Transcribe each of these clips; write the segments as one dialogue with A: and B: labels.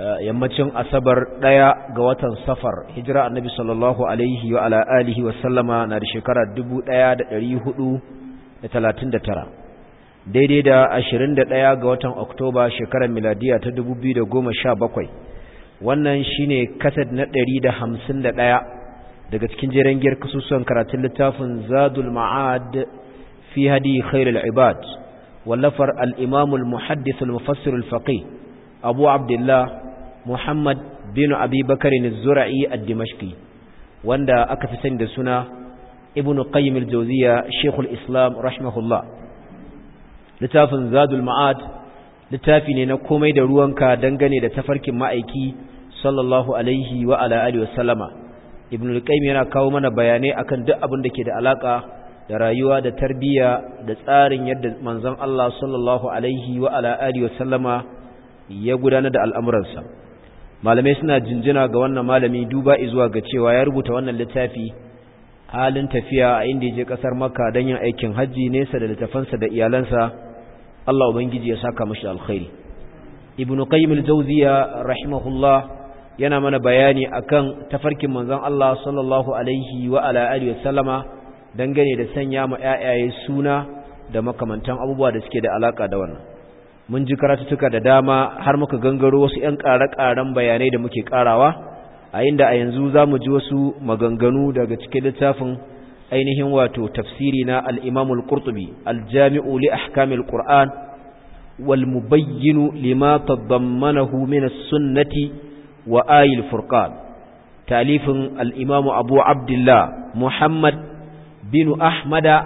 A: Eh, yammacin asabar ɗaya ga watan safar hijira annabi sallallahu alaihi wa ala alihi wa sallama na da shekara dubu ɗaya da da da ɗari talatin tara. daidai da ashirin da ɗaya ga watan oktoba shekarar miladiya ta dubu biyu da goma sha bakwai wannan shi ne kasad na ɗari da da hamsin ɗaya daga cikin jeren giyar kasusuwan karatun littafin zadul ma'ad fi hadi khairul ibad wallafar al-imamul muhaddis al-mufassir al-faqih abu abdullah Muhammad bin Abi Bakar az-Zura'i ad-Dimashqi wanda aka fi sani da suna Ibn Qayyim al-Jawziyya Sheikhul Islam rahimahullah littafin Zadul Ma'ad littafi ne na komai da ruwanka dangane da tafarkin ma'aiki sallallahu alaihi wa ala alihi Ibn qayyim yana kawo mana bayanai akan duk abin da ke da alaka da rayuwa da tarbiyya da tsarin yadda manzon Allah sallallahu alaihi wa ala alihi ya gudanar da al'amuransa malamai suna jinjina ga wannan malami duba izuwa ga cewa ya rubuta wannan littafi halin tafiya a inda ya je kasar makka don yin aikin hajji nesa da littafansa da iyalansa Allah ubangiji ya saka mashi alkhairi ibnu qayyim al-jawziya rahimahullah yana mana bayani akan tafarkin manzon Allah sallallahu alaihi wa ala alihi sallama dangane da sanya ma ƴaƴaye suna da makamantan abubuwa da suke da alaka da wannan mun ji karatuttuka da dama har muka gangaro wasu 'yan ƙare-ƙaren bayanai da muke ƙarawa a inda a yanzu za mu ji wasu maganganu daga cikin littafin ainihin wato tafsiri na al'imamul ƙurtubi aljami'u li ahkamil ƙur'an wal mubayyinu lima tadammanahu min sunnati wa ayil furqan talifin al'imamu abu abdullah muhammad bin ahmada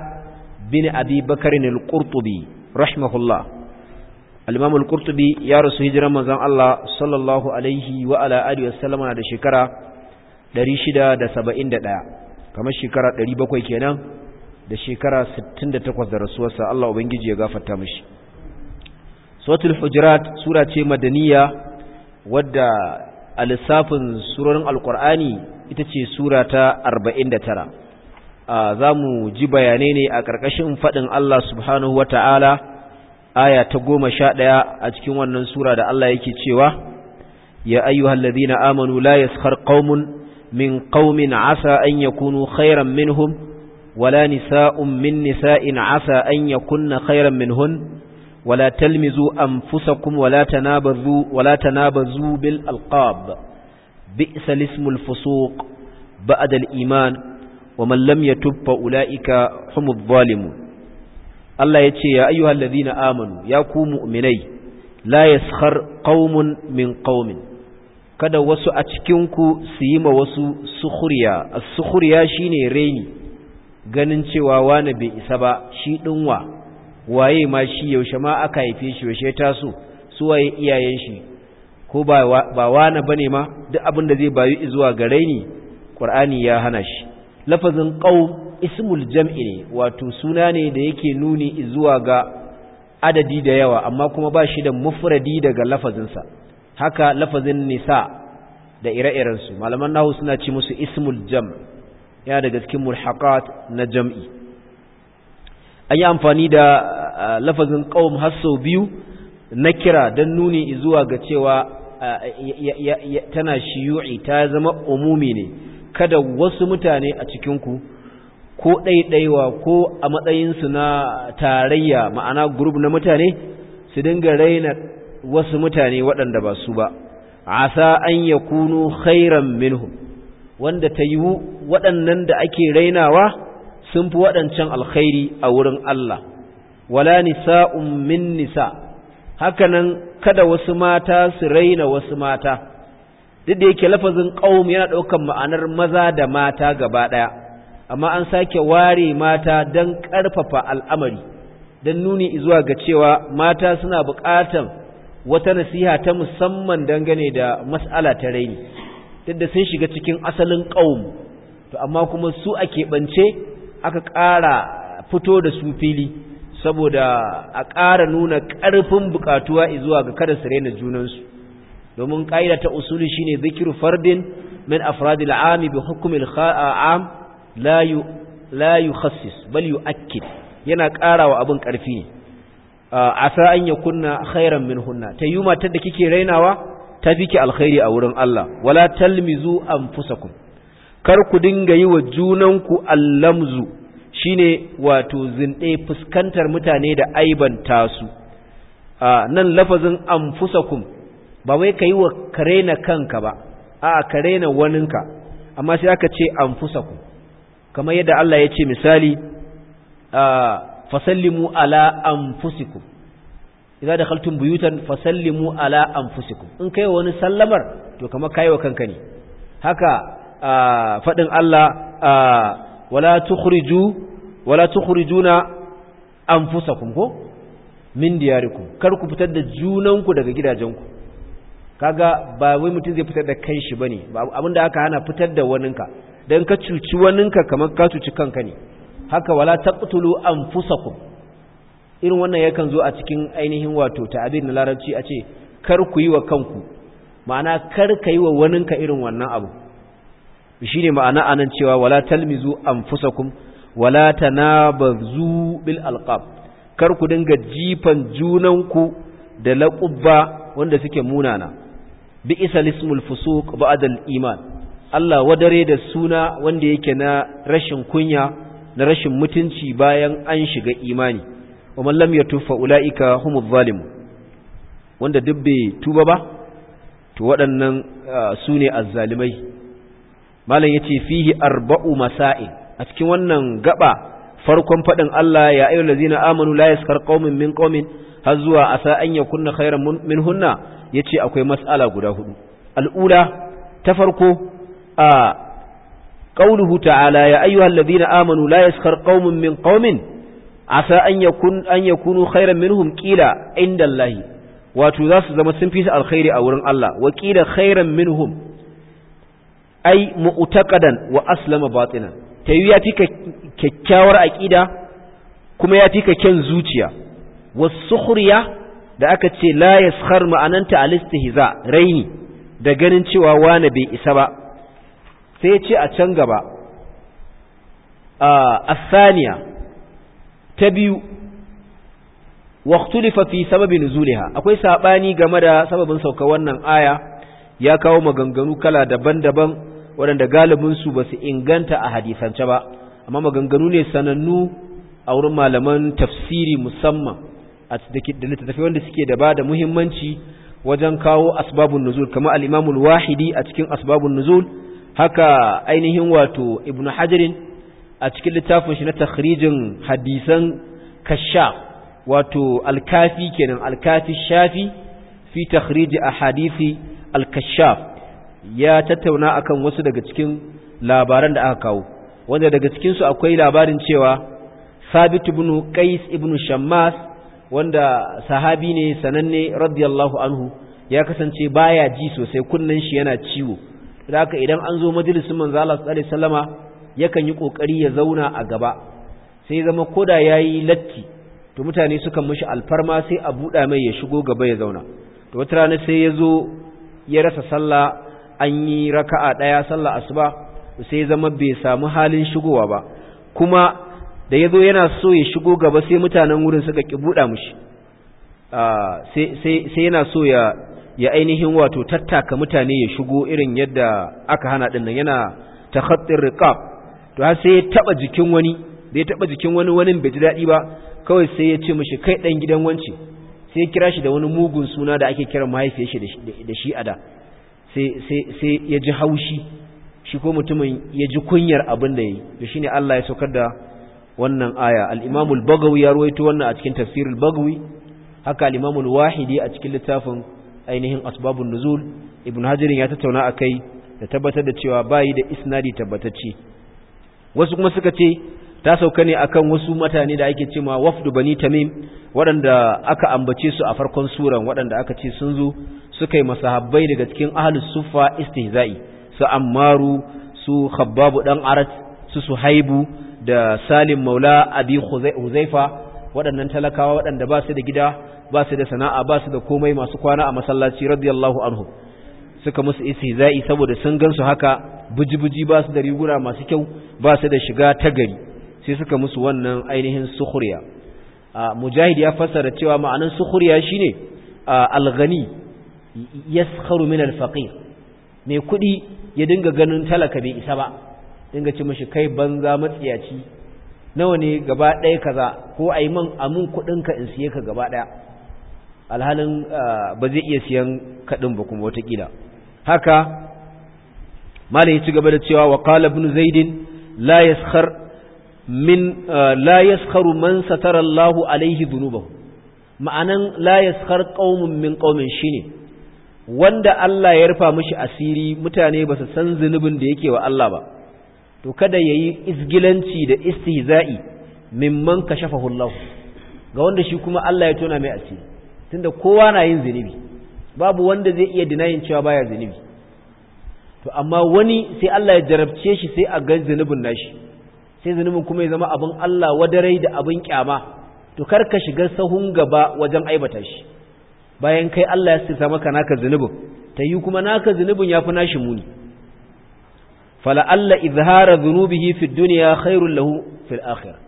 A: bin abi bakarin al-ƙurtubi rahimahullah al-imam al-qurtubi ya rasu hijiran manzon Allah sallallahu alaihi wa ala alihi wasallama da shekara 671 kamar shekara 700 kenan da shekara 68 da rasuwarsa Allah ubangiji ya gafarta mishi suratul hujurat sura ce madaniya wadda a lissafin surorin alkur'ani ita ce sura ta 49 za mu ji bayanai ne a ƙarƙashin faɗin Allah subhanahu wa ta'ala aya ta goma sha ɗaya a cikin wannan sura da Allah yake cewa ya ayyuhal ladina amanu la yaskhar qaumun min qaumin asa an yakunu khairan minhum wala nisa'un min nisa'in asa an yakunna khairan minhun wala talmizu anfusakum wala tanabazu wala tanabazu bil alqab bi'sa ismul fusuq ba'da iman wa man tuffa yatub fa ulaika humudh Allah ya ce ya ayyuhal ladina amanu ya ku mu'minai la yaskhar qaumun min qaumin kada wasu a cikin ku su yi ma wasu sukhriya as-sukhriya shine reni ganin cewa wani bai isa ba shi dinwa waye ma shi yaushe ma aka haife shi yaushe ta so su waye iyayen shi ko ba ba wani bane ma duk abin da zai bayu zuwa ga reni qur'ani ya hana shi lafazin qaum ismul jam'i ne wato suna ne da yake nuni zuwa ga adadi da yawa amma kuma ba shi da mufradi daga lafazinsa haka lafazin nisa da ire-irensu malaman nahu suna ci musu ismul jam ya daga cikin mulhaqat na jam'i an yi amfani da lafazin qaum har biyu na kira don nuni zuwa ga cewa tana shiyu'i ta zama umumi ne kada wasu mutane a cikinku ko ɗaiɗaiwa ko a matsayinsu na tarayya ma'ana gurub na mutane su dinga raina wasu mutane waɗanda ba su ba asa an ya kunu khairan minhu. wanda ta yiwu waɗannan da ake rainawa sun fi waɗancan alkhairi a wurin Allah wala nisa'un min nisa hakanan kada wasu mata su raina wasu mata duk da yake lafazin qaum yana ɗaukar ma'anar maza da mata gaba ɗaya amma an sake ware mata don ƙarfafa al'amari don nuni zuwa ga cewa mata suna buƙatar wata nasiha ta musamman dangane da mas'ala ta raini duk da sun shiga cikin asalin qaum to amma kuma su a keɓance aka ƙara fito da su fili saboda a ƙara nuna ƙarfin buƙatuwa zuwa ga kada su raina junansu domin ƙa'ida ta usuli shine zikiru fardin min afradil ami bi hukumin am la yu la yukhassis bal yu'akkid yana ƙarawa abin ƙarfi ne asa an yakunna khairan minhunna ta yi ta da kike rainawa ta fiki alkhairi a wurin Allah wala talmizu anfusakum kar ku dinga yi wa junanku allamzu shine wato zinɗe fuskantar mutane da aibanta su nan lafazin anfusakum ba wai ka yi wa kare na kanka ba a kare na waninka amma sai aka ce an fusa ku kamar yadda Allah ya ce misali fasallimu ala an fusiku idan da haltun buyutan fasallimu ala an fusiku in kai wani sallamar to kamar ka yi wa kanka ne haka faɗin Allah wala tukhriju wala tukhrijuna anfusakum ko min diyarikum kar ku fitar da junanku daga gidajenku kaga ba wai mutum zai fitar da kanshi bane abinda aka hana fitar da waninka dan ka cuci waninka kamar ka cuci kanka ne haka wala taqtulu anfusakum irin wannan yakan zo a cikin ainihin wato ta'abir na larabci a ce kar ku yi wa kanku ma'ana kar ka yi wa waninka irin wannan abu shine ma'ana anan cewa wala talmizu anfusakum wala tanabazu bil alqab kar ku dinga jifan junanku da laqubba wanda suke munana bi isa lismul fusuq ba'da iman Allah wadare da suna wanda yake na rashin kunya na rashin mutunci bayan an shiga imani wa man lam yatub fa ulaika humuz zalim wanda duk bai tuba ba to waɗannan sune azzalimai malam yace fihi arba'u masa'i a cikin wannan gaba farkon faɗin Allah ya ayyuhallazina amanu la yaskar qaumin min qaumin har zuwa asa an yakunna khairan minhunna ya ce akwai matsala guda hudu al'ula ta farko a ta ta'ala ya ayyuhal ladina amanu la yaskar qaumun min qaumin asa an ya kunu khairan minhum qila inda Allah wato za su zama sun fi alkhairi a wurin Allah wa qila khairan minhum ai mu'taqadan wa aslama Ta tayi ya fi kyakkyawar aqida kuma ya fi kyan zuciya was sukhriya da aka ce la yaskhar ma'ananta alistihza raini da ganin cewa wani bai isa ba sai ce a can gaba a asaniya ta biyu waqtulifa fi sababi nuzuliha akwai sabani game da sababin sauka wannan aya ya kawo maganganu kala daban-daban waɗanda galibin su basu inganta a hadisance ba amma maganganu ne sanannu a wurin malaman tafsiri musamman a da littattafai wanda suke da ba da muhimmanci wajen kawo asbabun nuzul kamar al wahidi a cikin asbabun nuzul haka ainihin wato ibnu hajarin a cikin littafin shi na takhrijin hadisan kasha wato alkafi kenan alkafi shafi fi takhrij a hadisi alkasha ya tattauna akan wasu daga cikin labaran da aka kawo wanda daga cikin su akwai labarin cewa Sabit ibn Qais ibn Shammas wanda sahabi ne sananne radiyallahu anhu ya kasance baya ji sosai kunnen shi yana ciwo haka idan an zo majalisin manzo Allah sallallahu alaihi yakan yi kokari ya zauna a gaba sai zama koda yayi latti to mutane suka mishi alfarma sai a buɗa mai ya shigo gaba ya zauna to wata rana sai ya zo ya rasa sallah an yi raka'a ɗaya sallah asuba sai zama bai samu halin shigowa ba kuma da ya zo yana so ya shigo gaba sai mutanen wurin suka ki buɗa mushi ah, sai yana so ya ainihin wato tattaka mutane ya shigo irin yadda aka hana ɗin nan yana ta riqab to har sai ya taɓa jikin wani da ya taɓa jikin wani wani bai ji daɗi ba kawai sai ya ce mushi, kai ɗan gidan wance sai ya kira shi da wani mugun suna da ake kiran mahaifiyar shi da shi a da sai ya ji haushi shi ko mutumin ya ji kunyar abin da ya yi to shine Allah ya saukar da wannan aya al-imam al-bagawi ya ruwaito wannan a cikin tafsir al-bagawi haka al-imam wahidi a cikin littafin ainihin asbabun nuzul ibn hajar ya tattauna kai da tabbatar da cewa bayi da isnadi tabbatacce wasu kuma suka ce ta sauka ne akan wasu mutane da ake cewa wafdu bani tamim waɗanda aka ambace su a farkon suran waɗanda aka ce sun zo suka yi masahabbai daga cikin ahlus suffa istihza'i su ammaru su khabbabu dan arat su suhaibu da salim maula abi huzaifa waɗannan talakawa waɗanda ba su da gida ba su da sana'a ba su da komai masu kwana a masallaci radiyallahu anhu suka musu istihza'i saboda sun gansu haka buji-buji ba su da riguna masu kyau ba su da shiga ta gari sai suka musu wannan ainihin sukhriya mujahid ya fassara cewa ma'anan sukhriya shine alghani yaskharu min faƙi mai kuɗi ya dinga ganin talaka bai isa ba dinga ci mashi kai banza matsiyaci nawa ne gaba ɗaya kaza ko a yi man amin kuɗinka in siye ka gaba ɗaya alhalin ah, ba zai iya siyan kaɗin ba kuma watakila haka malai ci gaba da cewa wa qala ibn zaidin la yaskhar min ah, la yaskharu man satara Allahu alaihi dhunubahu ma'anan la yaskhar qaumun min qaumin shine wanda Allah ya rufa mashi asiri mutane ba su san zunubin da yake wa Allah ba to kada ya yi izgilanci da istihza'i mimman shafa hulahu. ga wanda shi kuma Allah ya tona mai asiri tunda kowa na yin zinubi babu wanda zai iya dinayin cewa baya zinubi to amma wani sai Allah ya jarabce shi sai a ga zinubin nashi sai zinubin kuma ya zama abin Allah wadarai da abin kyama to kar ka shiga sahun gaba wajen aibata shi bayan kai Allah ya sisa maka naka zinubin ta yi kuma naka zinubin ya fi nashi muni fala'alla izhara zunubihi fi duniya khairun lahu fil akhirah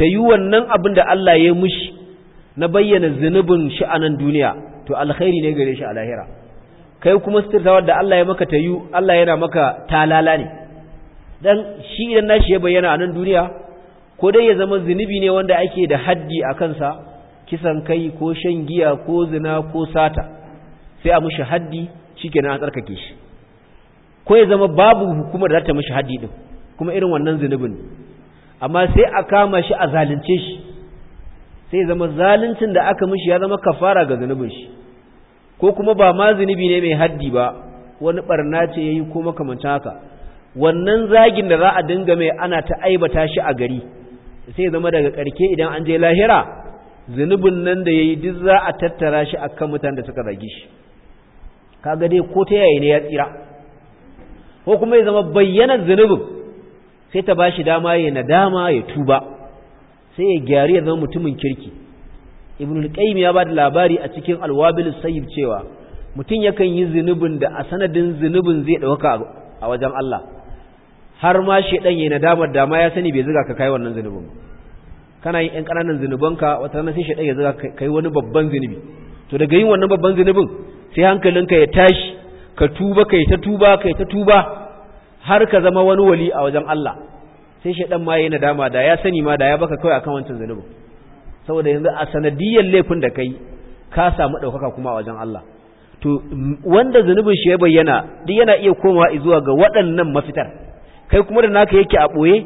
A: ta yi wannan abin da Allah ya mushi na bayyana zunubin shi a nan duniya to alkhairi ne gare shi a lahira kai kuma sitirtawar da Allah ya maka ta yi Allah yana maka talala ne dan shi idan nashi ya bayyana a nan duniya ko dai ya zama zunubi ne wanda ake da haddi a kansa kisan kai ko shan giya ko zina ko sata sai a mushi haddi shikenan a tsarkake shi ko ya zama babu hukumar da za ta mishi haddi din kuma irin wannan zunubin amma sai a kama shi a zalunce shi sai zama zaluncin da aka mishi ya zama kafara ga zunubin shi ko kuma ba ma zunubi ne mai haddi ba wani barna ce yayi ko makamanta haka wannan zagin da za a dinga mai ana ta aibata shi a gari sai ya zama daga karke idan an je lahira zunubin nan da yayi duk za a tattara shi akan mutanen da suka zagi shi kaga dai ko ta yayi ne ya tsira ko kuma ya zama bayyanar zunubin sai ta bashi dama ya nadama ya tuba sai ya gyari ya zama mutumin kirki ibn al-qayyim ya bada labari a cikin al-wabil sayyib cewa mutum yakan yi zunubin da a sanadin zunubin zai dauka a wajen Allah har ma shi dan yayin nadamar da ma ya sani bai zuga ka kai wannan zunubin kana yin ɗan ƙananan zunubanka wata ranar sai shedan ya zuga kai wani babban zunubi to daga yin wannan babban zunubin sai hankalinka ya tashi ka tuba kai ta tuba kai ta tuba har ka zama wani wali a wajen Allah sai shaɗan ma yayi nadama da ya sani ma da ya baka kawai akan wancan zanubin saboda yanzu a sanadiyyan laifin da kai ka samu ɗaukaka kuma a wajen Allah to wanda zanubin shi ya bayyana duk yana iya komawa zuwa ga waɗannan mafitar kai kuma da naka yake a ɓoye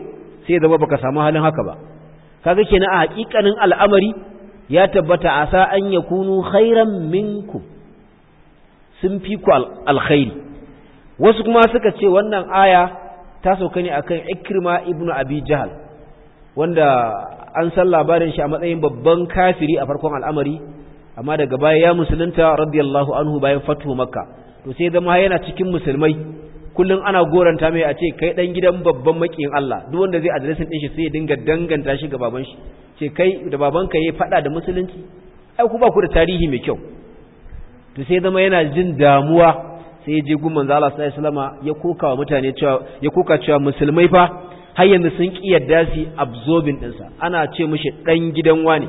A: sai ya zama baka samu halin haka ba kaga kenan a haƙiƙanin al'amari ya tabbata asa an yakunu khairan minkum sun fi ku alkhairi wasu kuma suka ce wannan aya ta sauka ne akan ikrima ibnu abi jahal wanda an san labarin shi a matsayin babban kafiri a farkon al'amari amma daga baya ya musulunta radiyallahu anhu bayan fatu makka to sai zama yana cikin musulmai kullum ana goranta mai a ce kai dan gidan babban makiyin Allah duk wanda zai addressin din shi sai ya dinga danganta shi ga baban shi ce kai da babanka yayi fada da musulunci ai ku ba ku da tarihi mai kyau to sai zama yana jin damuwa sai ya je gun manzo Allah ya koka wa mutane cewa ya koka cewa musulmai fa har yanzu sun ki yadda su absorbing ɗinsa ana ce mishi ɗan gidan wani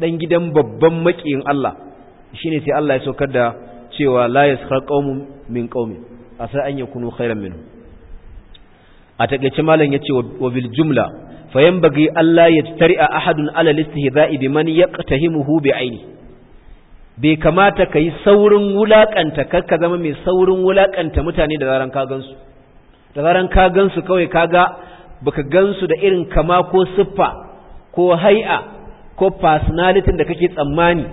A: ɗan gidan babban makiyin Allah shine sai Allah ya saukar da cewa la yasra qaumun min qaumin asa an yakunu khairan minhu a takeice malam yace wa bil jumla fayanbaghi alla a ahadun ala listihza'i biman yaqtahimuhu aini. bai kamata ka yi saurin wulaƙanta kar ka zama mai saurin wulaƙanta mutane da zaran ka gansu da zaran ka gansu kawai kaga baka gansu da irin kama ko siffa ko hai'a ko personality da kake tsammani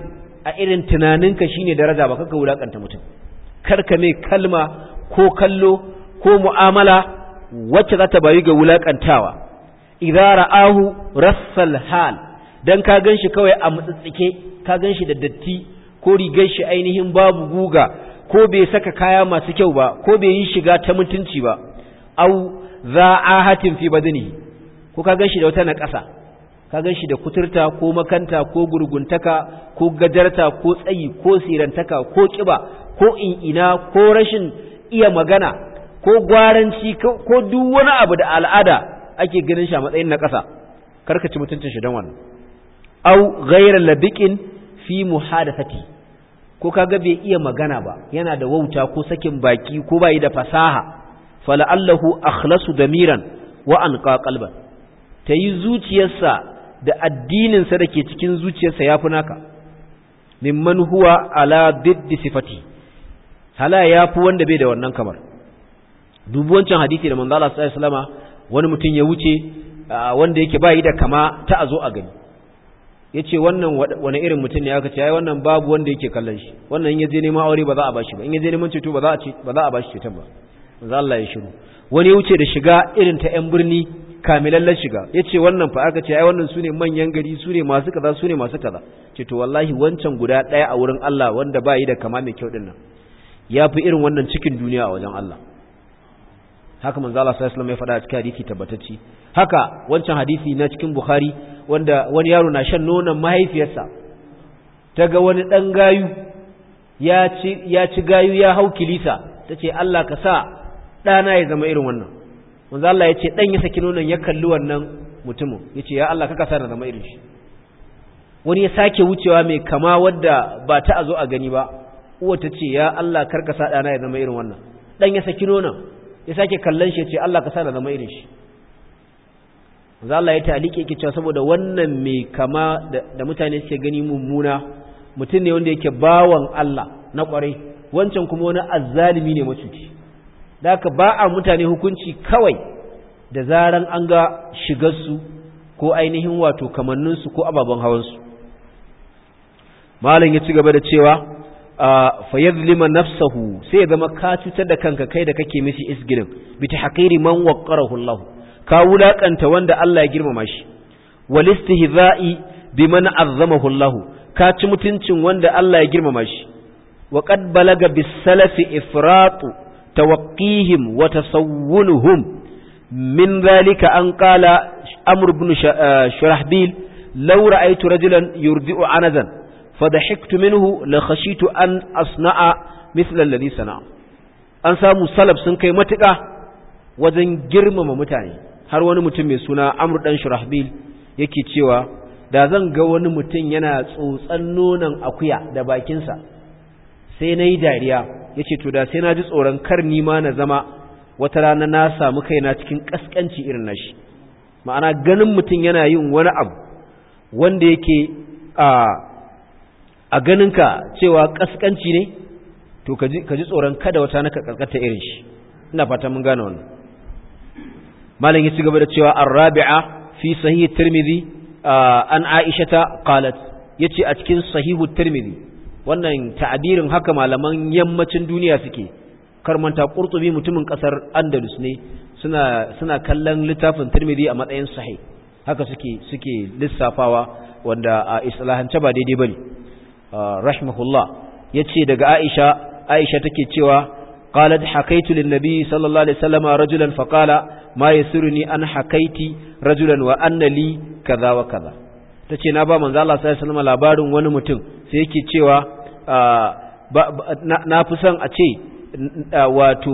A: a irin tunaninka shine daraja ba kaka wulaƙanta mutum kar ka mai kalma ko kallo ko mu'amala wacce za ta bayu ga wulaƙantawa idza ra'ahu rassal hal dan ka ganshi kawai a mutsitsike ka ganshi da datti ko rigar shi ainihin babu guga ko bai saka kaya masu kyau ba ko bai yi shiga ta mutunci ba au za a hatin fi badani ko ka ganshi da wata na ƙasa ka shi da kuturta ko makanta ko gurguntaka ko gajarta ko tsayi ko sirantaka ko kiba ko in'ina ko rashin iya magana ko gwaranci ko duk wani abu da al'ada ake ganin shi a matsayin na ƙasa karkaci mutuncin shi don wannan au ghayra labiqin fi muhadathati ko kaga bai iya magana ba yana da wauta ko sakin baki ko bai da fasaha fala'allahu akhlasu damiran wa anqa qalban tayi zuciyarsa da addinin sa dake cikin zuciyarsa yafi naka mimman huwa ala diddi sifati hala yafi wanda bai da wannan kamar dubu wancan hadisi da manzo Allah sallallahu alaihi wasallama wani mutum ya wuce wanda yake bai da kama ta azo a gani ya ce wannan wani irin mutum ne aka ce ai wannan babu wanda yake kallon shi wannan in ya je neman aure ba za a bashi ba in ya je neman ceto ba za a bashi ceton ba za Allah ya shiru wani ya wuce da shiga irin ta yan birni kamilallar shiga ya ce wannan fa aka ce ai wannan su ne manyan gari su ne masu kaza su ne masu kaza ce to wallahi wancan guda ɗaya a wurin Allah wanda ba yi da kama mai kyau dinnan ya fi irin wannan cikin duniya a wajen Allah haka manzo Allah sallallahu alaihi wasallam ya faɗa a cikin hadisi tabbatacci haka wancan hadisi na cikin bukhari wanda wani yaro na shan nonon mahaifiyarsa ta ga wani ɗan gayu ya ci gayu ya hau kilisa ta ce Allah ka sa ɗana ya zama irin wannan wanzu Allah ya ce ɗan ya saki nonon ya kalli wannan mutumin ya ce ya Allah ka sa na zama irin shi wani ya sake wucewa mai kama wadda ba ta a zo a gani ba uwa ta ce ya Allah ka sa ɗana ya zama irin wannan ɗan ya saki nonon ya sake kallon shi ya ce Allah ka sa na zama irin shi za Allah ya taliƙe yake cewa saboda wannan mai kama da mutane suke gani mummuna mutum ne wanda yake bawan Allah na kwarai wancan kuma wani azzalimi ne macuci da ba a mutane hukunci kawai da zaran an ga shigarsu ko ainihin wato kamanninsu ko ababen hawansu malam ya ci gaba da cewa fa yadhlima nafsahu sai ya zama ka cutar da kanka kai da kake mishi isgirin bi hakiri man waqqarahu Allah ka wulakanta wanda Allah ya girmama shi walistihza'i biman azzamahu Allah ka ci mutuncin wanda Allah ya girmama shi wa qad balaga bis-salafi ifratu tawaqqihim wa tasawwunuhum min zalika an qala amr ibn eh, shurahbil law ra'aytu rajulan yurdi'u anazan fadhahiktu minhu la khashitu an asna'a mithla alladhi sana'a an samu salaf sun kai matuƙa wajen girmama mutane har wani mutum mai suna amr dan shurahbil yake cewa da zan ga wani mutum yana tsotsan nonon akuya da bakinsa sai na yi dariya ya ce to da sai na ji tsoron kar nima na zama wata rana na samu kaina cikin ƙasƙanci irin na shi. ma'ana ganin mutum yana yin wani abu wanda yake a a ganinka cewa ƙasƙanci ne to ka ji tsoron kada wata na ka irin shi ina fata mun gane wannan malam ya gaba da cewa ar-rabi'a fi sahih tirmidhi an aishata qalat yace a cikin sahihu tirmidhi wannan ta'abirin haka malaman yammacin duniya suke karmanta qurtubi mutumin kasar andalus ne suna suna kallon littafin tirmidhi a matsayin sahih haka suke suke lissafawa wanda a islahance ba daidai bane rahimahullah yace daga aisha aisha take cewa قالت حكيت للنبي صلى الله عليه وسلم رجلا فقال ما يسرني أن حكيت رجلا وأن لي كذا وكذا tace na ba manzo Allah sallallahu alaihi wasallam labarin wani mutum sai yake cewa na fi a ce wato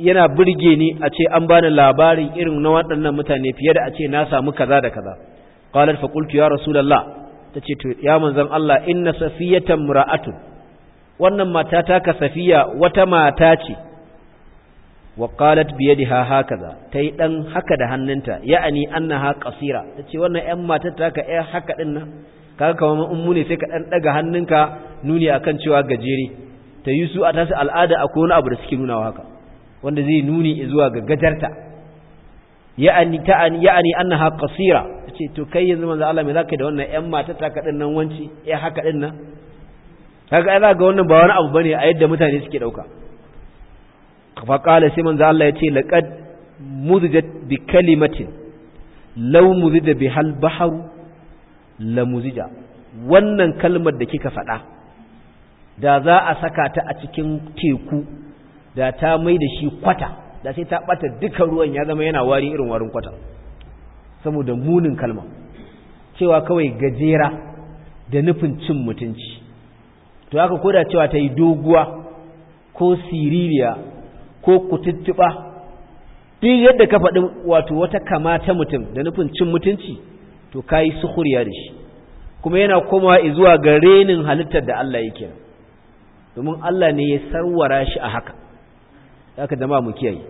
A: yana burge ni a ce an bani labarin irin na waɗannan mutane fiye da a ce na samu kaza da kaza qalat fa qultu ya rasulullah tace to ya manzon Allah inna safiyatan mura'atu. wannan mata ta kasafiya wata mata ce wa qalat bi yadiha hakaza tai dan haka da hannunta ya'ani annaha qasira tace wannan ƴan matar ta ka ƴan haka din nan kaga kamar ummu ne sai ka dan daga hannunka nuni akan cewa gajere ta yusu a tasu al'ada akwai wani abu da suke nuna haka wanda zai nuni zuwa ga gajarta ya'ani an ya'ani annaha qasira tace to kai yanzu manzo Allah me zaka da wannan ƴan matar ta ka din nan wanci ƴan haka din nan kaga ai zaka wannan ba wani abu bane a yadda mutane suke dauka fa qala sai manzo Allah yace laqad muzijat bi kalimatin law muzija bi hal bahru la muzija wannan kalmar da kika faɗa da za a saka ta a cikin teku da ta mai da shi kwata da sai ta bata duka ruwan ya zama yana wari irin warin kwata saboda munin kalma cewa kawai gajera da nufin cin mutunci to haka koda cewa ta yi doguwa ko siririya ko kututtuba duk yadda ka faɗi wato wata kamata mutum da nufin cin mutunci to ka yi suhuriya da shi kuma yana komawa zuwa ga renin halittar da Allah yake domin Allah ne ya sarwara shi a haka haka ma mu kiyaye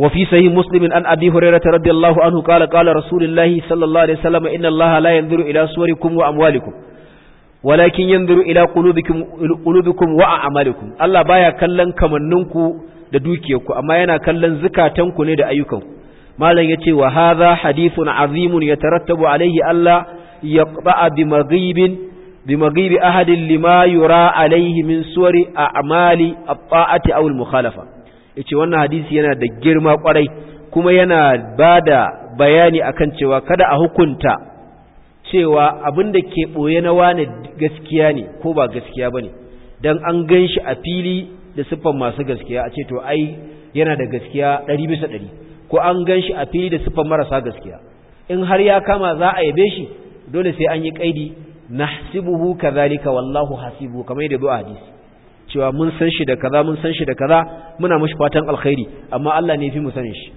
A: وفي صحيح مسلم عن أبي هريرة رضي الله عنه قال قال رسول الله صلى الله عليه وسلم إن الله لا ينظر إلى صوركم walakin yanzuru ila qulubikum qulubikum wa a'malikum Allah baya kallon kamanninku da dukiyarku amma yana kallon zukatanku ne da ayyukanku malam yace wa haza hadithun azimun yatarattabu alayhi Allah yaqba'a bi maghibin bi ahadin lima yura alayhi min suwari a'mali at-ta'ati aw al-mukhalafa yace wannan hadisi yana da girma kwarai kuma yana ba da bayani akan cewa kada a hukunta cewa abin da ke ɓoye na wane gaskiya ne ko ba gaskiya ba ne don an gan shi a fili da siffan masu gaskiya a ce to ai yana da gaskiya ɗari bisa ɗari ko an gan shi a fili da siffan marasa gaskiya in har ya kama za a yabe shi dole sai an yi ƙaidi na hasibuhu zalika wallahu hasibuhu kamar yadda zuwa hadisi cewa mun san shi da kaza mun san shi da kaza muna mashi fatan alkhairi amma Allah ne fi mu sanin shi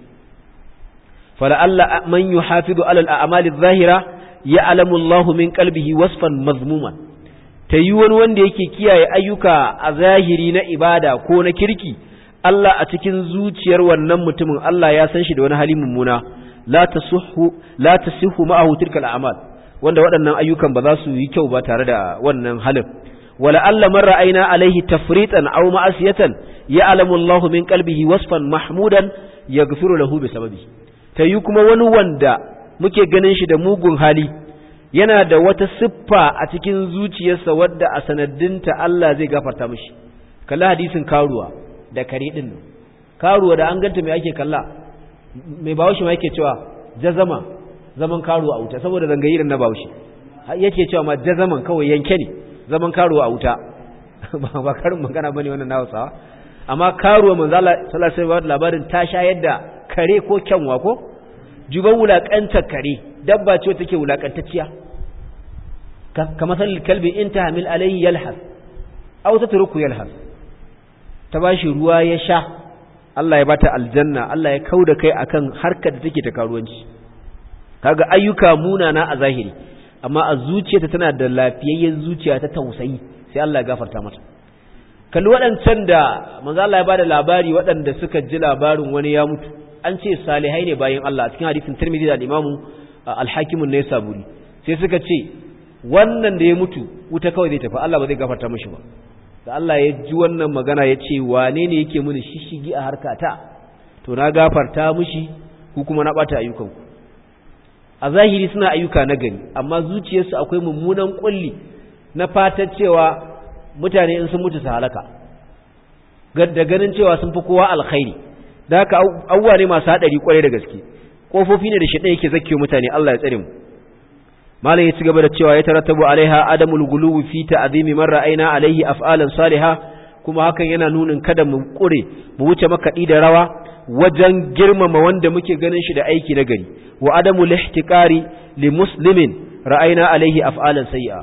A: fala alla man yuhafidu alal a'mali adh zahira. ya alamullahu min kalbihi wasfan mazmuman ta yi wani wanda yake kiyaye ayyuka a zahiri na ibada ko na kirki Allah a cikin zuciyar wannan mutumin Allah ya san shi da wani hali mummuna la tasihhu la tasihhu ma'ahu wanda waɗannan ayyukan ba za su yi kyau ba tare da wannan halin wala alla man ra'ayna alaihi tafritan aw ma'asiyatan ya'lamu Allahu min qalbihi wasfan mahmudan yaghfiru lahu bi sababi tayi kuma wani wanda muke ganin shi da mugun hali yana da wata siffa a cikin zuciyarsa wadda a sanaddinta Allah zai gafarta mishi kalla hadisin karuwa da kare din nan karuwa da an ganta mai ake kalla mai bawashi ma yake cewa jazama zaman karuwa a wuta saboda zangayirin da na bawashi yake cewa ma jazaman kawai yanke ne zaman karuwa a wuta ba karin magana bane wannan na Hausawa amma karuwa manzala sallallahu alaihi wasallam labarin ta sha yadda kare ko kyanwa ko juba wulaƙantar kare dabba ce take wulaƙantacciya kamar sanin kalbi in ta hamil alayhi yalhas au ta turku ta ba shi ruwa ya sha Allah ya bata aljanna Allah ya kau da kai a kan harkar da take ta karuwanci kaga ayyuka munana a zahiri amma a zuciyarta tana da lafiyayyen zuciya ta tausayi sai Allah ya gafarta mata kalli waɗancan da manzo Allah ya bada labari waɗanda suka ji labarin wani ya mutu an ce salihai ne bayan Allah a cikin hadisin Tirmidhi da Imam uh, Al-Hakim an-Naisaburi sai suka ce wannan da ya mutu wuta kawai zai tafi Allah ba zai gafarta mishi ba da Allah ya ji wannan magana ya ce wane ne yake mini shishigi a harkata to na gafarta mishi ku kuma na bata ayyukanku a zahiri suna ayyuka na gani amma zuciyarsu akwai mummunan kulli na fatan cewa mutane in sun mutu su halaka da ganin cewa sun fi kowa alkhairi da haka abubuwa ne masu haɗari kwarai da gaske ƙofofi ne da shi shaɗa yake zakke mutane Allah ya tsare mu malam ya ci gaba da cewa ya tarattabu alaiha adamul guluwi fi ta'zimi man ra'ayna alaihi af'alan salihah kuma hakan yana nunin kada mu kure mu wuce makaɗi da rawa wajen girmama wanda muke ganin shi da aiki na gari wa adamul ihtiqari li muslimin ra'ayna alaihi af'alan sayyi'a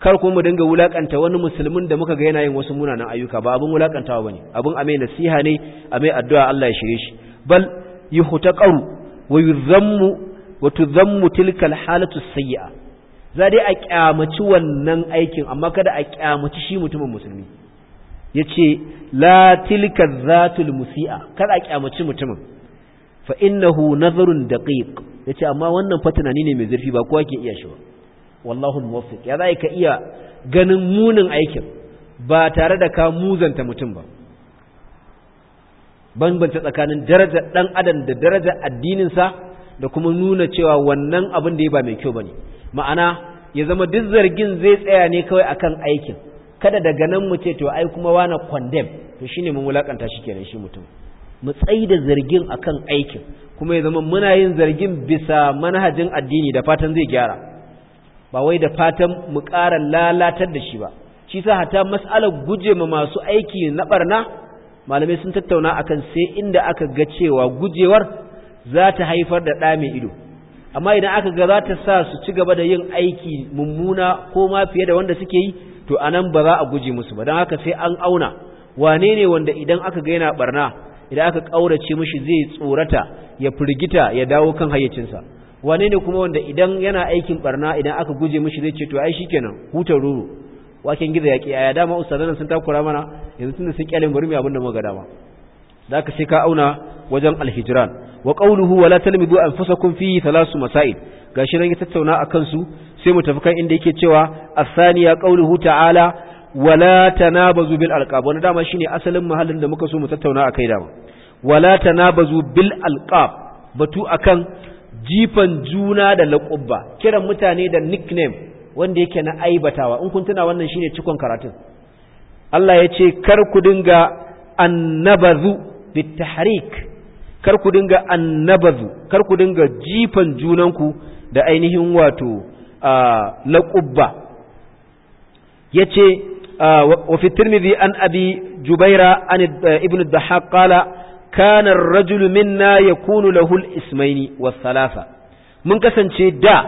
A: kar kuma mu dinga wulakanta wani musulmin da muka ga yana yin wasu munanan ayyuka ba abin wulakantawa bane abin amai nasiha ne amai addu'a Allah ya shirye shi bal yuhtaqaru wa yuzammu wa tuzammu tilka alhalatu sayyi'a za dai a kyamaci wannan aikin amma kada a kyamaci shi mutumin musulmi yace la tilka zatul musi'a kada a kyamaci mutumin fa innahu nazarun daqiq yace amma wannan fa tunani ne mai zurfi ba kowa ke iya shi ba wallahu muwaffiq ya zai ka iya ganin munin aikin ba tare da ka muzanta mutum ba bambanta tsakanin darajar dan adam da darajar addinin sa da kuma nuna cewa wannan abin da ya ba mai kyau bane ma'ana ya zama duk zargin zai tsaya ne kawai akan aikin kada daga nan mu ce to ai kuma wani condemn to shine mun wulakanta shi kenan shi mutum mu tsayi da zargin akan aikin kuma ya zama muna yin zargin bisa manhajin addini da fatan zai gyara ba wai da fatan mu ƙara lalatar da shi ba shi sa hata mas'alar guje ma masu aiki na barna malamai sun tattauna akan sai inda aka ga cewa gujewar za ta haifar da ɗa mai ido amma idan aka ga za ta sa su ci gaba da yin aiki mummuna ko ma fiye da wanda suke yi to a nan ba za a guje musu ba don haka sai an auna wane ne wanda idan aka ga yana barna idan aka ƙaurace mishi zai tsorata ya firgita ya dawo kan hayyacinsa wane ne kuma wanda idan yana aikin barna idan aka guje mishi zai ce to ai shikenan hutar ruru waken gizo yaki aya dama ustazan sun takura mana yanzu tunda sun kyalin bari mai abin da muka dama zaka sai ka auna wajen alhijran wa qawluhu wala talmidu anfusakum fi thalath masail gashi nan ya tattauna akan su sai mu tafi kan inda yake cewa asaniya qawluhu ta'ala wala tanabazu bil alqab wannan dama shine asalin mahallin da muka so mu tattauna akai dama wala tanabazu bil alqab batu akan jifan juna da laƙubba kiran mutane da nickname wanda yake na aibatawa in kun tuna wannan shine cikon karatun Allah ya ce kar ku dinga annabazu tahrik kar ku dinga annabazu kar ku dinga jifan junanku da ainihin wato laƙubba ya ce wa fi tirmidhi an abi jubaira an ibn dahaq qala kana rajulu minna yakunu lahul ismaini was salasa mun kasance da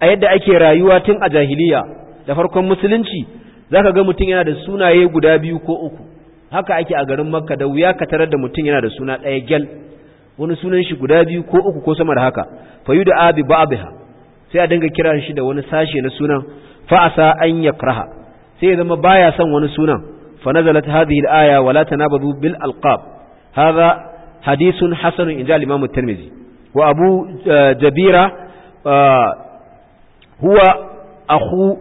A: a yadda ake rayuwa tun a jahiliya da farkon musulunci zaka ga mutum yana da sunaye guda biyu ko uku haka ake a garin makka da wuya ka tarar da mutum yana da suna ɗaya gyal wani sunan shi guda biyu ko uku ko sama da haka fayu da abi ba'abiha sai a dinga kiran shi da wani sashe na sunan fa'asa an yakraha sai ya zama baya son wani sunan fa nazalat hadhihi al-aya wala la tanabadu bil alqab hadha hadithun hasanun inda al-imam at-tirmidhi wa abu jabira huwa akhu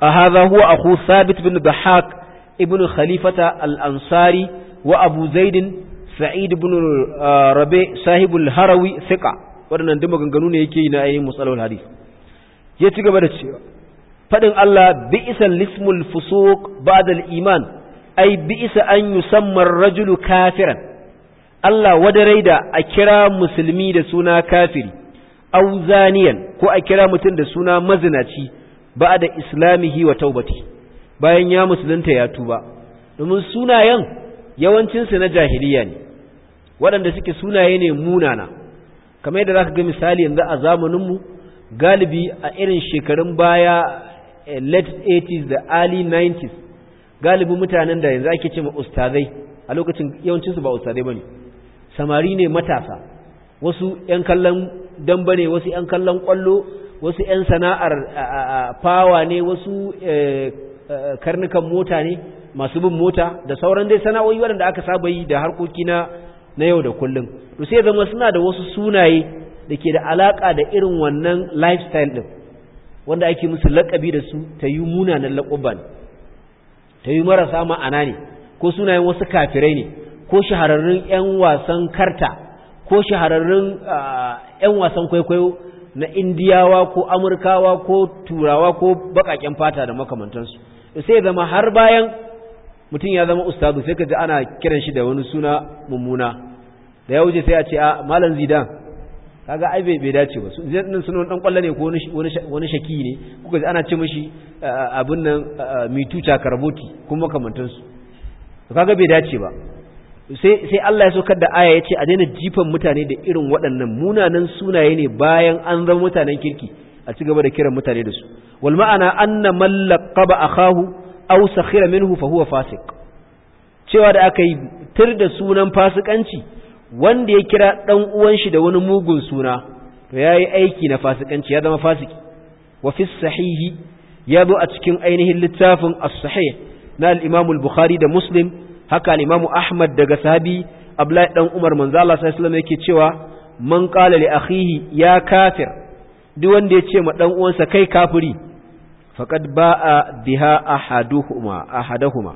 A: hadha huwa akhu thabit bin dhahak ibn khalifata al-ansari wa abu zaid sa'id ibn rabi sahibul harawi thiqa wadannan duk maganganu ne yake na ayin musalul hadith ya ci gaba da cewa Faɗin Allah bi'sal lismul fusuq ba'da al-iman ay bi'sa an yusamma ar-rajulu kafiran Allah wadarai ra'ida a kira musulmi da suna kafiri au zaniyan ko a kira mutum da suna mazinaci ba da islamihi wa taubati bayan ya musulunta ya tuba domin sunayen yawancinsu na jahiliya ne waɗanda suke sunaye ne munana kamar yadda za ga misali yanzu a zamaninmu galibi a irin shekarun baya eh, late 80s da early 90s galibi mutanen da yanzu ake ce ma ustazai a lokacin yawancinsu ba ustazai ba ne samari ne matasa wasu 'yan kallon damba ne wasu 'yan kallon kwallo wasu 'yan sana'ar fawa ne wasu eh, eh, karnukan mota ne masu bin mota da sauran dai sana'o'i waɗanda aka saba yi da harkoki na na yau da kullum to sai zama suna da wasu sunaye da ke da alaƙa da irin wannan lifestyle ɗin wanda ake musu lakabi da su ta yi munanan laƙuban ta yi marasa ma'ana ne ko sunayen wasu kafirai ne ko shahararrun 'yan wasan karta ko shahararrun 'yan wasan kwaikwayo na indiyawa ko amurkawa ko turawa ko baƙaƙen fata da makamantansu sai zama har bayan mutum ya zama ustazu sai ka ji ana kiran shi da wani suna mummuna da ya wuce sai a ce a malam zidan kaga ai bai dace ba zidan sunan dan kwallo ne ko wani shaki ne kuka ji ana ce mishi abin nan mitu chakarboti kuma makamantansu kaga bai dace ba sai Allah ya saukar da aya ce a daina jifan mutane da irin waɗannan munanan sunaye ne bayan an zama mutanen kirki a ci gaba da kiran mutane da su wal ma'ana anna man laqaba akahu aw sakhira minhu fa huwa fasiq cewa da aka yi tir da sunan fasikanci wanda ya kira dan uwan shi da wani mugun suna to yayi aiki na fasikanci ya zama fasiki wa fi sahihi ya zo a cikin ainihin littafin as-sahih na al-Imam al-Bukhari da Muslim haka al Ahmad daga sahabi Abdullahi dan Umar manzo Allah sallallahu alaihi wasallam yake cewa man qala li akhihi ya kafir duk wanda ya ce ma dan uwansa kai kafiri faqad ba'a biha ahaduhuma ahaduhuma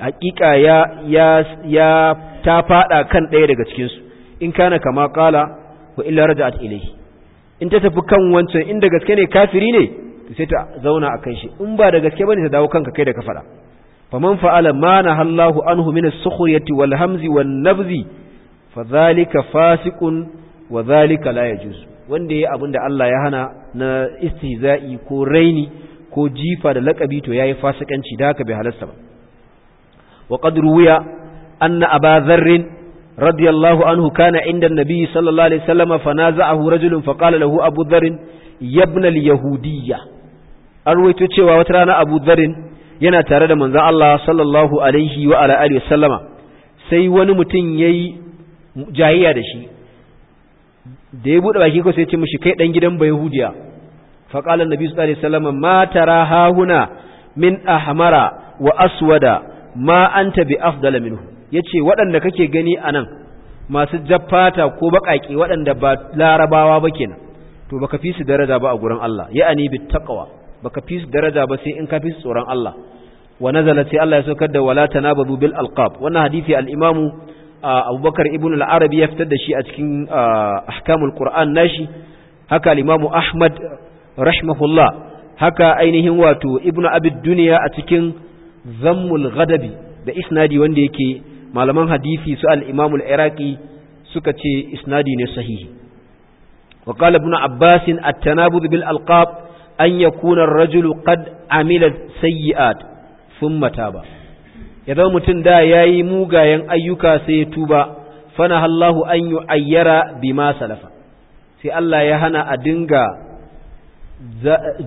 A: hakika ya ya ya ta fada kan ɗaya daga cikin su in kana kama qala wa illa raja'at ilayhi in ta tafi kan wancan inda gaske ne kafiri ne sai ta zauna akan shi in ba da gaske bane ta dawo kanka kai da ka fada faman fa'ala mana na anhu min as-sukhriyati wal hamzi wan nabzi fadhalika fasiqun wa dhalika la yajuz wanda yayi abinda Allah ya hana na istihza'i ko raini ko jifa da lakabi to yayi fasikanci da haka bai halasta ba wa qad ruwiya anna aba dharr radiyallahu anhu kana inda an-nabi sallallahu alaihi wasallam fanaza'ahu rajulun faqala lahu abu dharr yabna al-yahudiyya arwaito cewa wata rana abu dharr yana tare da manzon Allah sallallahu alaihi wa ala wa sallama sai wani mutum ya yi jahiya da shi da ya buɗe baki ko sai ya ce mashi kai ɗan gidan bai hudiya faƙalar nabi su ɗari sallama ma tara hahuna min ahmara wa aswada ma an tabi afdala minhu ce waɗanda kake gani a nan masu jaffata ko baƙaƙe waɗanda ba larabawa ba kenan to baka fi su daraja ba a gurin Allah ya'ani bi taqwa baka fi daraja ba sai in ka fi tsoron Allah wa nazala sai Allah ya saukar da wala tanabadu bil alqab wannan hadisi al-imamu Abubakar ibn al-Arabi ya fitar da shi a cikin ahkamul Qur'an nashi haka al-imamu Ahmad rahimahullah haka ainihin wato ibnu abid duniya a cikin zammul ghadabi da isnadi wanda yake malaman hadisi su al-imamu al-iraqi suka ce isnadi ne sahihi wa qala ibn abbas at bil alqab an yakuna ar-rajulu qad amila sayyi'at thumma taba ya zama mutum da yayi mugayen ayyuka sai ya tuba fana Allahu an ayyara bima salafa sai Allah ya hana a dinga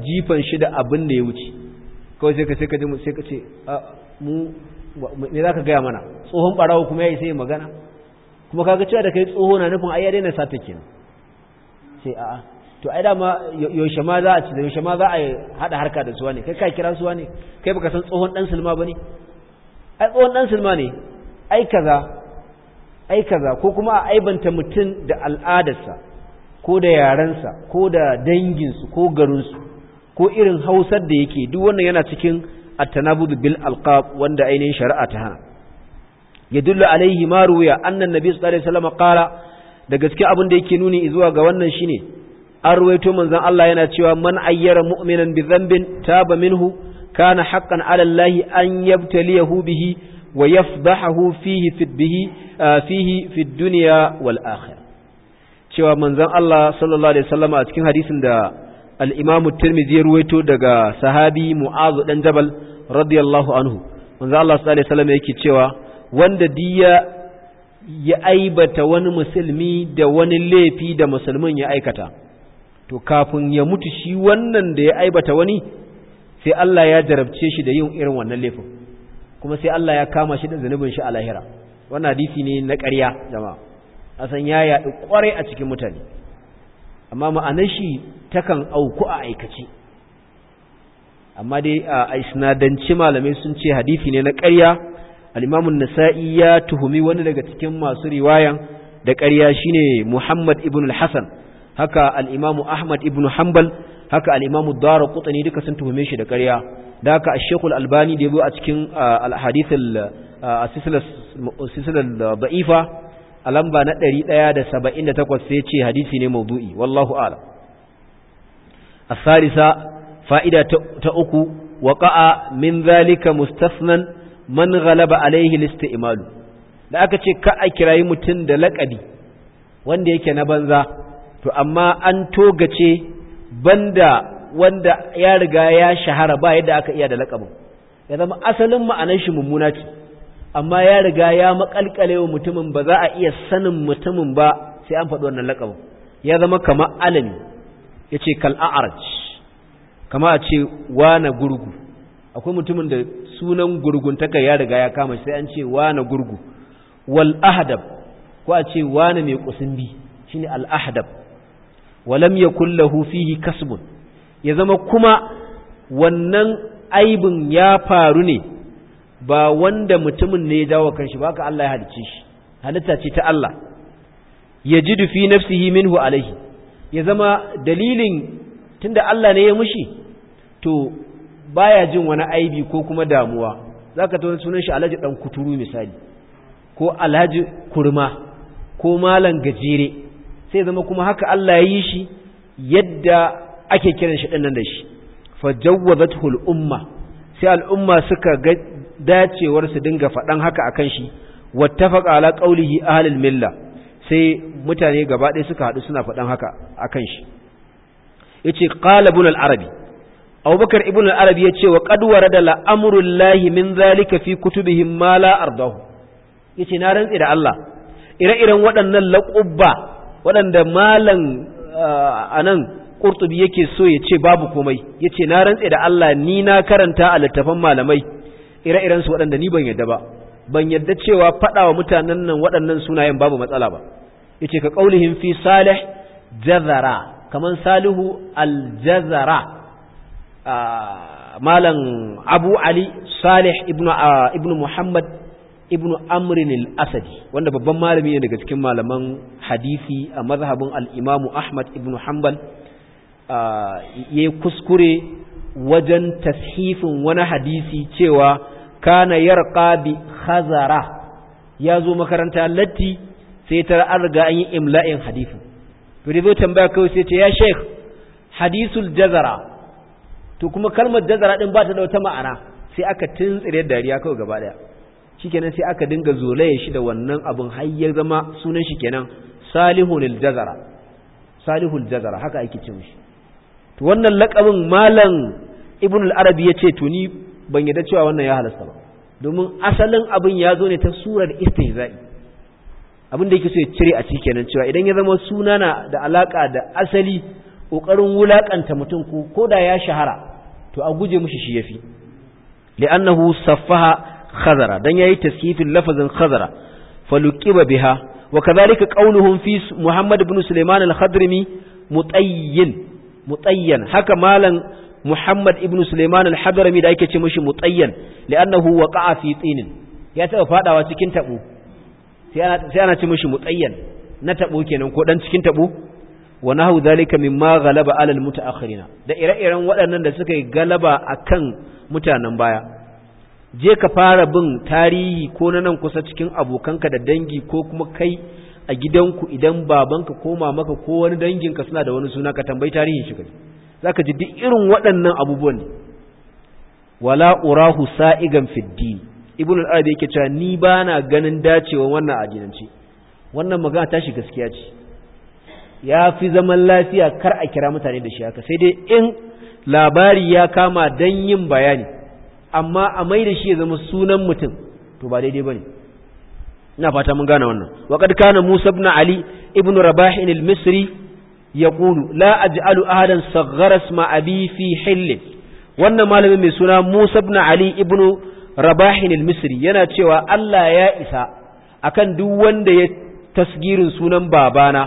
A: jifan shi da abin da ya wuce kawai sai ka sai ka ji sai ka ce mu za ka ga mana tsohon barawo kuma yayi sai magana kuma kaga cewa da kai tsoho na nufin ai ya daina sata kenan sai a'a to ai dama yaushe ma za a ci yaushe ma za a hada harka da suwa ne kai ka kira suwa ne kai baka san tsohon dan sulma bane ai tsohon dan sulma ne ai kaza ai kaza ko kuma a aibanta mutum da al'adarsa ko da yarensa ko da danginsu ko garinsu ko irin hausar da yake duk wannan yana cikin at-tanabudu bil alqab wanda ainihin shari'a ta hana yadullu alaihi ma ruya annan nabi sallallahu alaihi wasallam qala da gaske abin da yake nuni zuwa ga wannan shine an ruwaito manzon Allah yana cewa man ayyara mu'minan bi dhanbin taba minhu kana haqqan 'ala Allah an yabtaliyahu bihi wa yafdahu fihi fi bihi ah, fihi fi dunya wal akhirah cewa manzon Allah sallallahu alaihi wasallam a cikin hadisin da al-Imam Tirmidhi ya ruwaito daga sahabi Mu'adh dan Jabal radiyallahu anhu manzon Allah sallallahu alaihi wasallam yake cewa wanda diya ya aibata wani musulmi da wani laifi da musulmin ya aikata to kafin ya mutu shi wannan da ya aibata wani sai Allah ya jarabce shi da yin irin wannan laifin kuma sai Allah ya kama shi da zanubin shi a lahira wannan hadisi ne na ƙarya jama'a asan ya yaɗu ƙwarai a cikin mutane amma ma'anar shi takan auku a aikace amma dai a isnadanci malamai sun ce hadisi ne na ƙarya al-imamun nasa'i ya tuhumi wani daga cikin masu riwayan da ƙarya shine Muhammad ibn al-Hasan haka al'imamu ahmad ibn hanbal haka al'imamu imamu dara kutani duka sun tuhume shi da ƙarya da haka shekul albani da ya zo a cikin al sisilar silsilar da'ifa a lamba na 178 sai ce hadisi ne maudu'i wallahu ala. a salisa fa'ida ta uku waƙa'a min zalika mustasnan man ghalaba alayhi lista imalu da aka ce ka a kirayi mutum da laƙabi wanda yake na banza to amma an togace banda wanda ya riga ya shahara ba yadda aka iya da lakabin ya zama asalin ma'anar shi mummuna ce amma ya riga ya makalkale wa mutumin ba za a iya sanin mutumin ba sai an faɗi wannan lakabin ya zama kamar alami ya ce kal'a'arj kama a ce wana gurgu akwai mutumin da sunan gurguntaka ya riga ya kama sai an ce wana gurgu wal ko a ce wana mai kusimbi shine al ahdab walam ya lahu fihi kasbun ya zama kuma wannan aibin ya faru ne ba wanda mutumin ne ya jawo kanshi ba ka Allah ya halice shi halitta ce ta Allah Ya ji dufi nafsihi minhu alaihi ya zama dalilin tunda Allah ne ya mushi to baya jin wani aibi ko kuma damuwa za ka ta sunan shi Alhaji dan kuturu misali ko Alhaji kurma ko malam gajere sai zama kuma haka Allah ya yi shi yadda ake kiran shi ɗannan da shi fajawwazathu al-umma sai al'umma suka ga dacewar su dinga faɗan haka akan shi wattafaqa ala qawlihi ahlul milla sai mutane gaba ɗaya suka haɗu suna faɗan haka akan shi yace qala ibn al-arabi abubakar ibn arabi yace wa qad da la'amrul lahi min zalika fi kutubihim ma la Ya yace na rantsi da Allah ire-iren waɗannan laƙubba waɗanda malam uh, a nan ƙurtubi yake so ya ce babu komai ya ce na rantse da Allah ni na karanta a littafan malamai ire-irensu waɗanda ni ban yadda ba ban yadda cewa faɗa wa mutanen nan waɗannan sunayen babu matsala ba ya ce ka ƙaunihin fi salih jazara kamar salihu aljazara uh, malam abu ali salih ibnu uh, muhammad ibnu amrin al-asadi wanda babban malami ne daga cikin malaman hadisi a mazhabin al-imamu ahmad Ibn hanbal ya kuskure wajen tashifin wani hadisi cewa kana yarqa bi khazara ya zo makaranta latti sai ta an riga an yi imla'in hadisi to da tambaya kawai sai ta ya sheikh hadisul jazara to kuma kalmar jazara din ba ta da wata ma'ana sai aka tuntsire dariya kawai gaba daya shikenan sai aka dinga zolaye shi da wannan abun har ya zama sunan shi kenan salihul jazara salihul jazara haka ake ce shi to wannan lakabin malam ibn al-arabi yace to ni ban yadda cewa wannan ya halasta ba domin asalin abin ya zo ne ta surar istihza'i abin da yake so ya cire a ciki kenan cewa idan ya zama suna na da alaka da asali kokarin wulakanta mutum ko da ya shahara to a guje mishi shi yafi li'annahu saffaha khazara dan yayi taskifin lafazin khazara faluqiba biha wa kadhalika qawluhum fi Muhammad ibn Sulaiman al-Khadrimi mutayyin mutayyan haka malan Muhammad ibn Sulaiman al-Hadrami da yake ce mishi mutayyan li'annahu waqa'a fi tinin ya taba fadawa cikin tabo sai ana sai ana ce mishi mutayyan na tabo kenan ko dan cikin tabo wa nahu dhalika mimma ghalaba 'ala al-mutaakhirina da ire-iren waɗannan da suka yi galaba akan mutanen baya je ka fara bin tarihi ko na nan kusa cikin abokanka da dangi ko kuma kai a gidanku idan babanka ko mamaka ko wani danginka suna da wani suna ka tambayi tarihin shi za ka ji duk irin waɗannan abubuwan ne wala urahu sa'igan fiddi ibn al-arabi yake cewa ni ba na ganin dacewa wannan ajinanci wannan magana tashi gaskiya ce ya fi zaman lafiya kar a kira mutane da shi haka sai dai in labari ya kama dan yin bayani amma a mai da shi ya zama sunan mutum to ba daidai ne ina fata mun gane wannan wa kad kana Musa ibn Ali ibn Rabah al-Misri ya la aj'alu ahadan saghara isma fi wannan malamin mai suna Musa ibn Ali ibn Rabah al-Misri yana cewa Allah ya isa akan duk wanda ya tasgirin sunan babana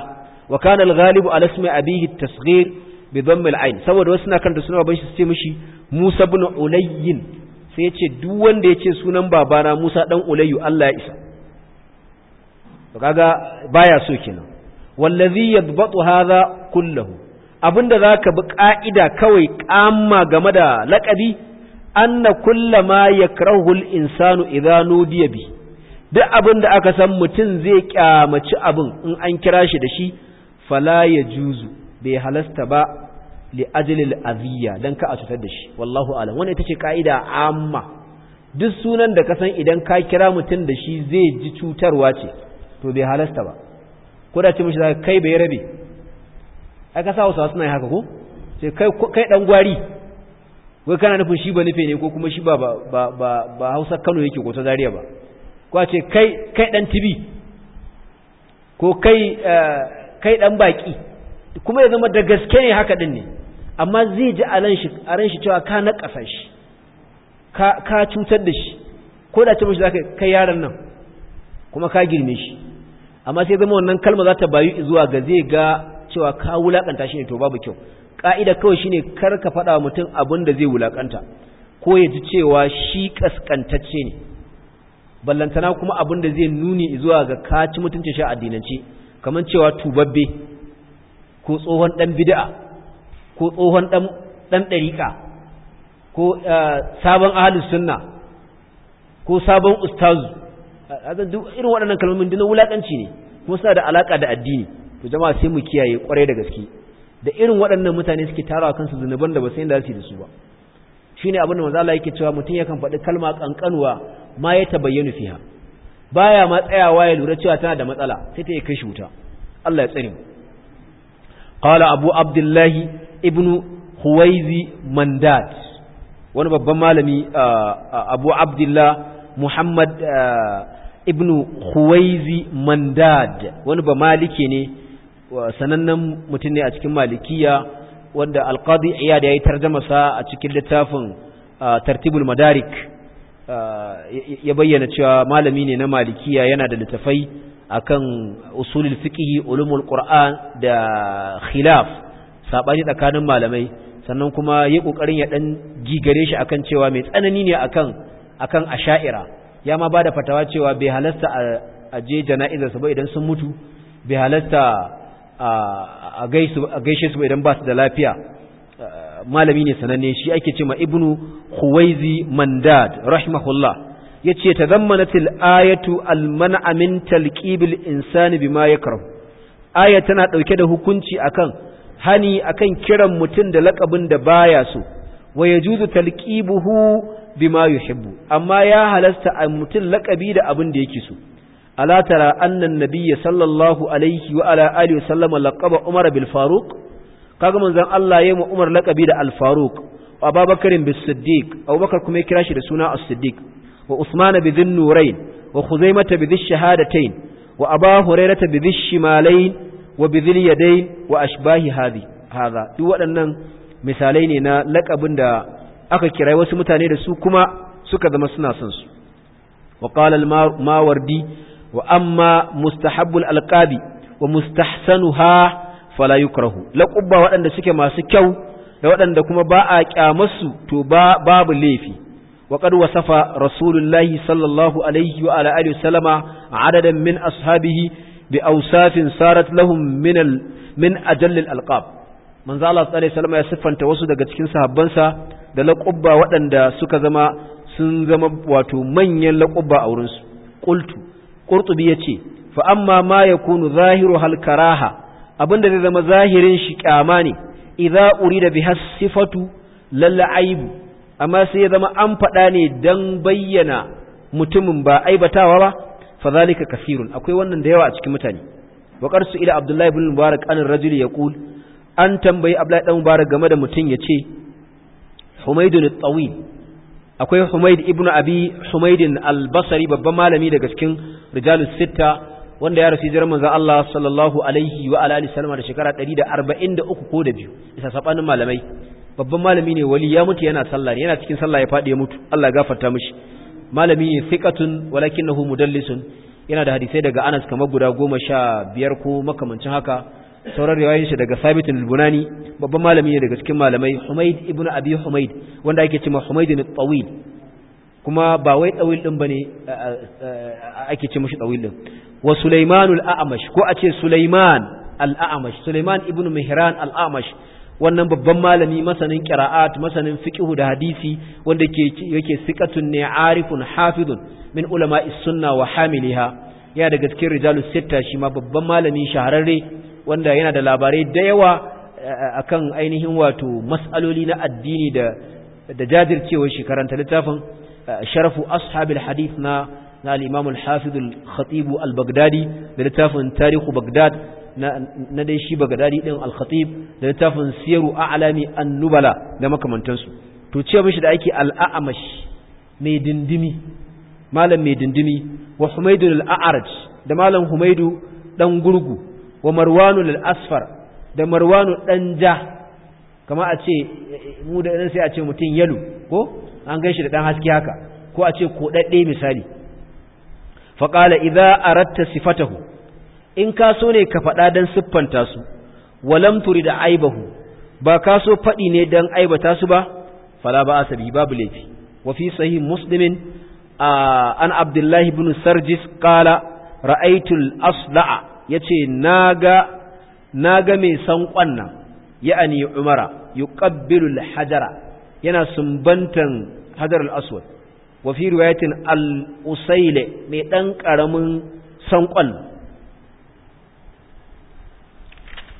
A: wa kana al-ghalibu ala ismi abihi at-tasghir bi saboda wasu na kanta suna baban shi sai mushi Musa ibn Ulayyin sai ya ce duk wanda ya ce sunan babana musa ɗan ulayyu allah ya isa kaga baya so kenan wallazi yadbatu hadha kullahu abinda zaka bi ka'ida kawai kamma game da laqabi anna ma yakrahu al-insanu idha nudiya bi duk abinda aka san mutun zai kyamaci abin in an kira shi da shi fala yajuzu bai halasta ba li ajlil aziya dan ka a cutar da shi wallahu alam wannan ita ce kaida amma duk sunan da ka san idan ka kira mutum da shi zai ji cutarwa ce to bai halasta ba ko da ce mishi zaka kai bai rabe ai ka sa wasu suna yi haka ko sai kai kai dan gwari wai kana nufin shi ba nufe ne ko kuma shi ba ba ba ba Hausa Kano yake ko ta Zaria ba ko a ce kai kai dan tibi ko kai eh, kai dan baki kuma ya zama da gaske ne haka din ne amma zai ji a ran shi cewa ka na ƙasan shi ka cutar da shi ko da ce za ka kai yaran nan kuma ka girme shi amma sai zama wannan kalma za ta bayu zuwa ga zai ga cewa ka wulaƙanta shi ne to babu kyau ƙa'ida kawai shine kar ka faɗa wa mutum abin da zai wulaƙanta ko ya ji cewa shi ƙasƙantacce ne ballantana kuma abin da zai nuni zuwa ga ka ci mutuncin shi a addinance kamar cewa tubabbe ko tsohon ɗan bida'a ko tsohon ɗan ɗariƙa ko eh, sabon ahalus sunna ko sabon ustazu duk irin waɗannan kalmomin duk wulaƙanci ne kuma suna da alaƙa da addini to jama'a sai mu kiyaye ƙwarai da gaske da irin waɗannan mutane suke tarawa kansu zunuban da ba sai da su da su ba shine abin da manzo yake cewa mutum yakan faɗi kalma ƙanƙanuwa ma ya tabayyana fiha baya ma tsayawa ya lura cewa tana da matsala sai ta yi kashe wuta Allah ya tsare mu qala abu abdullahi ibnu huwaizi mandat wani babban malami abu abdullah muhammad ibnu huwaizi mandad wani ba malike ne sanannen mutum ne a cikin malikiya wanda alqadi iyad ya yi tarjama sa a cikin littafin tartibul madarik ya bayyana cewa malami ne na malikiya yana da littafai akan usulul fiqh ulumul qur'an da khilaf sabani tsakanin malamai sannan kuma yi kokarin ya dan gigare shi akan cewa mai tsanani ne akan akan asha'ira ya ma bada fatawa cewa bai halasta a je jana'izar su ba idan sun mutu bai halasta a gaishe su ba idan ba su da lafiya malami ne sananne shi ake cewa ibnu khuwaizi mandad rahimahullah yace tazammanatil ayatu alman'a min talqibil insani bima yakrah aya tana dauke da hukunci akan hani akan kiran mutum da lakabin da baya so wa yajuzu talqibuhu bima yuhibbu amma ya halasta a mutum lakabi da abin da yake so ala tara anna nabiyya sallallahu alaihi wa ala alihi sallama laqaba umar bil faruq kaga manzon Allah yayi umar lakabi da al faruq wa abubakar bis siddiq abubakar kuma ya kira shi da suna as siddiq wa usman bi dhun nurayn wa khuzaimah bi dhish shahadatayn wa aba hurairah bi dhish shimalayn wa bidhil yadayn wa ashbahi hadhi hadha duk waɗannan misalai ne na laƙabin da aka kira wasu mutane da su kuma suka zama suna son su wa qala al-mawardi wa amma mustahabbul alqabi wa mustahsanuha fala yukrahu laqabba waɗanda suke masu kyau da waɗanda kuma ba a kyamarsu to ba babu laifi waƙar wasafa rasulullahi sallallahu alaihi wa ala alihi wasallama adadan min ashabihi bi ausafin sarat lahum min al min ajallil alqab manzo Allah sallallahu ya siffanta wasu daga cikin sahabbansa da laƙubba waɗanda suka zama sun zama wato manyan laƙubba a wurin su qultu ya ce, fa amma ma kunu zahiru hal karaha abinda zai zama zahirin shi kyama ne idza da biha sifatu lalla aibu amma sai ya zama an faɗa ne dan bayyana mutumin ba aibatawa ba fa zalika kasirun akwai wannan da yawa a cikin mutane wa qarsu ila abdullahi ibn mubarak an rajul yaqul an tambayi abdullahi dan mubarak game da mutum yace humaydun tawil akwai humayd ibn abi humaydin al-basri babban malami daga cikin rijalus sitta wanda ya rasu jiran manzon Allah sallallahu alaihi wa alihi sallama da shekara 143 ko da biyu isa sabanin malamai babban malami ne wali ya mutu yana sallah yana cikin sallah ya fadi ya mutu Allah ya gafarta mishi malami thiqatun walakinahu mudallisun yana da hadisai daga Anas kamar guda 15 ko makamancin haka sauran riwayoyin shi daga Sabit al-Bunani babban malami ne daga cikin malamai Humayd ibn Abi Humayd wanda ake cewa Humayd al-Tawil kuma ba wai tawil din bane ake ce mishi tawil din wa Sulaiman al-A'mash ko a ce Sulaiman al-A'mash Sulaiman ibn Mihran al-A'mash wannan babban malami masanin qira'at masanin fiqh da hadisi wanda ke yake siqatun ne arifun hafidun min ulama sunna wa hamiliha ya daga cikin rijalu sitta shi ma babban malami shahararre wanda yana da labarai da yawa eh, akan ainihin wato mas'aloli na addini da da jajircewar shi karanta littafin eh, sharafu ashabil hadith na na al-imam al-hafiz al-khatib al-baghdadi da littafin tarihu baghdad na dai shi bagadadi din al-khatib da littafin siyaru a'lami an-nubala da makamantansu to ce mishi da ake al-a'mash mai dindimi malam mai dindimi wa humaydu al-a'raj da malam humaydu dan gurgu wa marwanu al-asfar da marwanu dan ja kama a ce mu da nan sai a ce mutum yalo ko an ganshi da dan haske haka ko a ce kodadde misali faqala idza aratta sifatahu in ka so ne ka faɗa don siffanta su walam turi da aibahu ba ka so faɗi ne don aibata su ba fala ba asabi babu laifi wa fi sahih muslimin an abdullahi ibn sarjis qala ra'aitul asla'a yace na ga mai san nan ya'ani umara yuqabbilu al-hajara yana sumbantan hajar al-aswad wa fi riwayatin al-usayle mai dan karamin sanƙon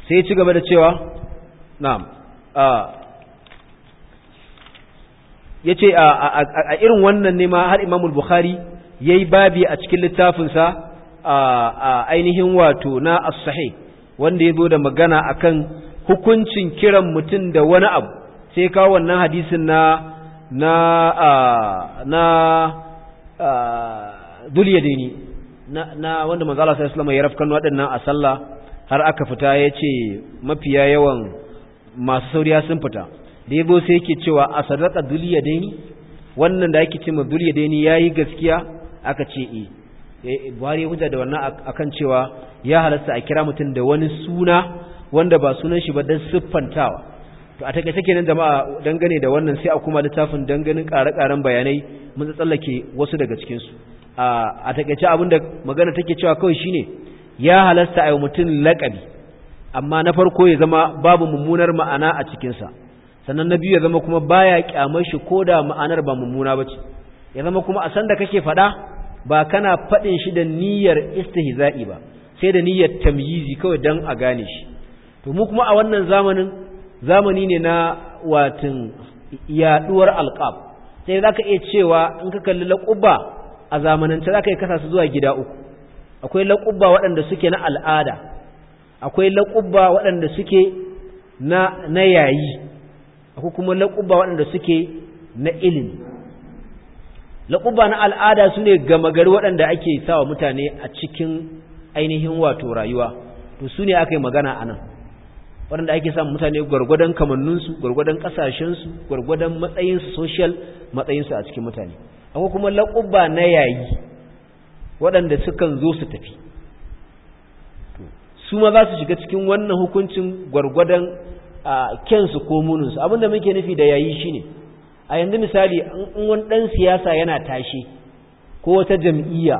A: sai ci gaba da cewa na'am ya ce a irin wannan ne ma har imamul bukhari ya yi babi a cikin littafinsa a ainihin wato na as-sahih wanda ya zo da magana akan hukuncin kiran mutum da wani abu sai kawo wannan hadisin na na na duliyadini na wanda manzo Allah sallallahu alaihi wasallam ya rafkan waɗannan a sallah har aka fita ya ce mafiya yawan masu sauriya sun fita da yabo sai yake cewa a sadaka duliya dai ni wannan da yake ce ma duliya dai ya yi gaskiya aka ce e, e buhari ya da wannan akan cewa ya halasta a kira mutum da wani suna wanda ba sunan shi ba don siffantawa to a takaice kenan jama'a dangane da wannan sai a kuma littafin danganin ƙare-ƙaren bayanai mun tsallake wasu daga cikinsu a takaice abinda da magana take cewa kawai shine ya halasta a yi mutum laƙabi amma na farko ya zama babu mummunar ma'ana a cikinsa sannan na biyu ya zama kuma baya kyamar shi ko da ma'anar ba mummuna ba ce ya zama kuma a sanda kake faɗa ba kana faɗin shi da niyyar istihza'i ba sai da niyyar tamyizi kawai dan a gane shi to mu kuma a wannan zamanin zamani ne na watin yaduwar alqab sai zaka iya cewa in ka kalli laquba a zamanance zaka yi kasa su zuwa gida uku akwai laƙubba waɗanda suke na al'ada akwai laƙubba waɗanda suke na yayi akwai kuma laƙubba waɗanda suke na ilimi laƙubba na al'ada su ne gama gari waɗanda ake sawa mutane a cikin ainihin wato rayuwa to su ne aka yi magana a nan waɗanda ake samun mutane gwargwadon kamanninsu gwargwadon ƙasashensu gwargwadon matsayinsu social matsayinsu a cikin mutane akwai kuma laƙubba na yayi waɗanda sukan zo su tafi su ma za su shiga cikin wannan hukuncin gwargwadon kyansu ko muninsu abinda muke nufi da yayi shine a yanzu misali in wani ɗan siyasa yana tashe ko wata jam'iyya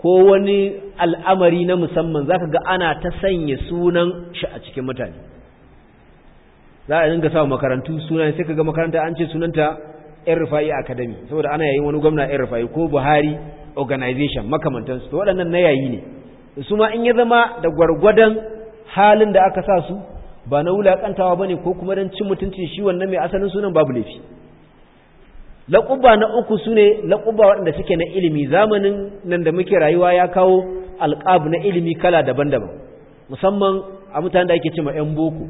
A: ko wani al'amari na musamman za ka ga ana ta sanya sunan shi a cikin mutane za a dinga samun makarantu sunan sai ka ga makaranta an ce sunanta ‘yan rufa'i academy saboda ana yayin wani gwamna ‘yan rufa'i ko buhari organization makamantansu to waɗannan na yayi ne su ma in ya zama da gwargwadon halin da aka sa su ba na wulaƙantawa ba ne ko kuma don cin mutuncin shi wannan mai asalin sunan babu laifi laƙuba na uku su ne laƙuba waɗanda suke na ilimi zamanin nan da muke rayuwa ya kawo alƙab na ilimi kala daban-daban musamman a mutanen da ake cima 'yan boko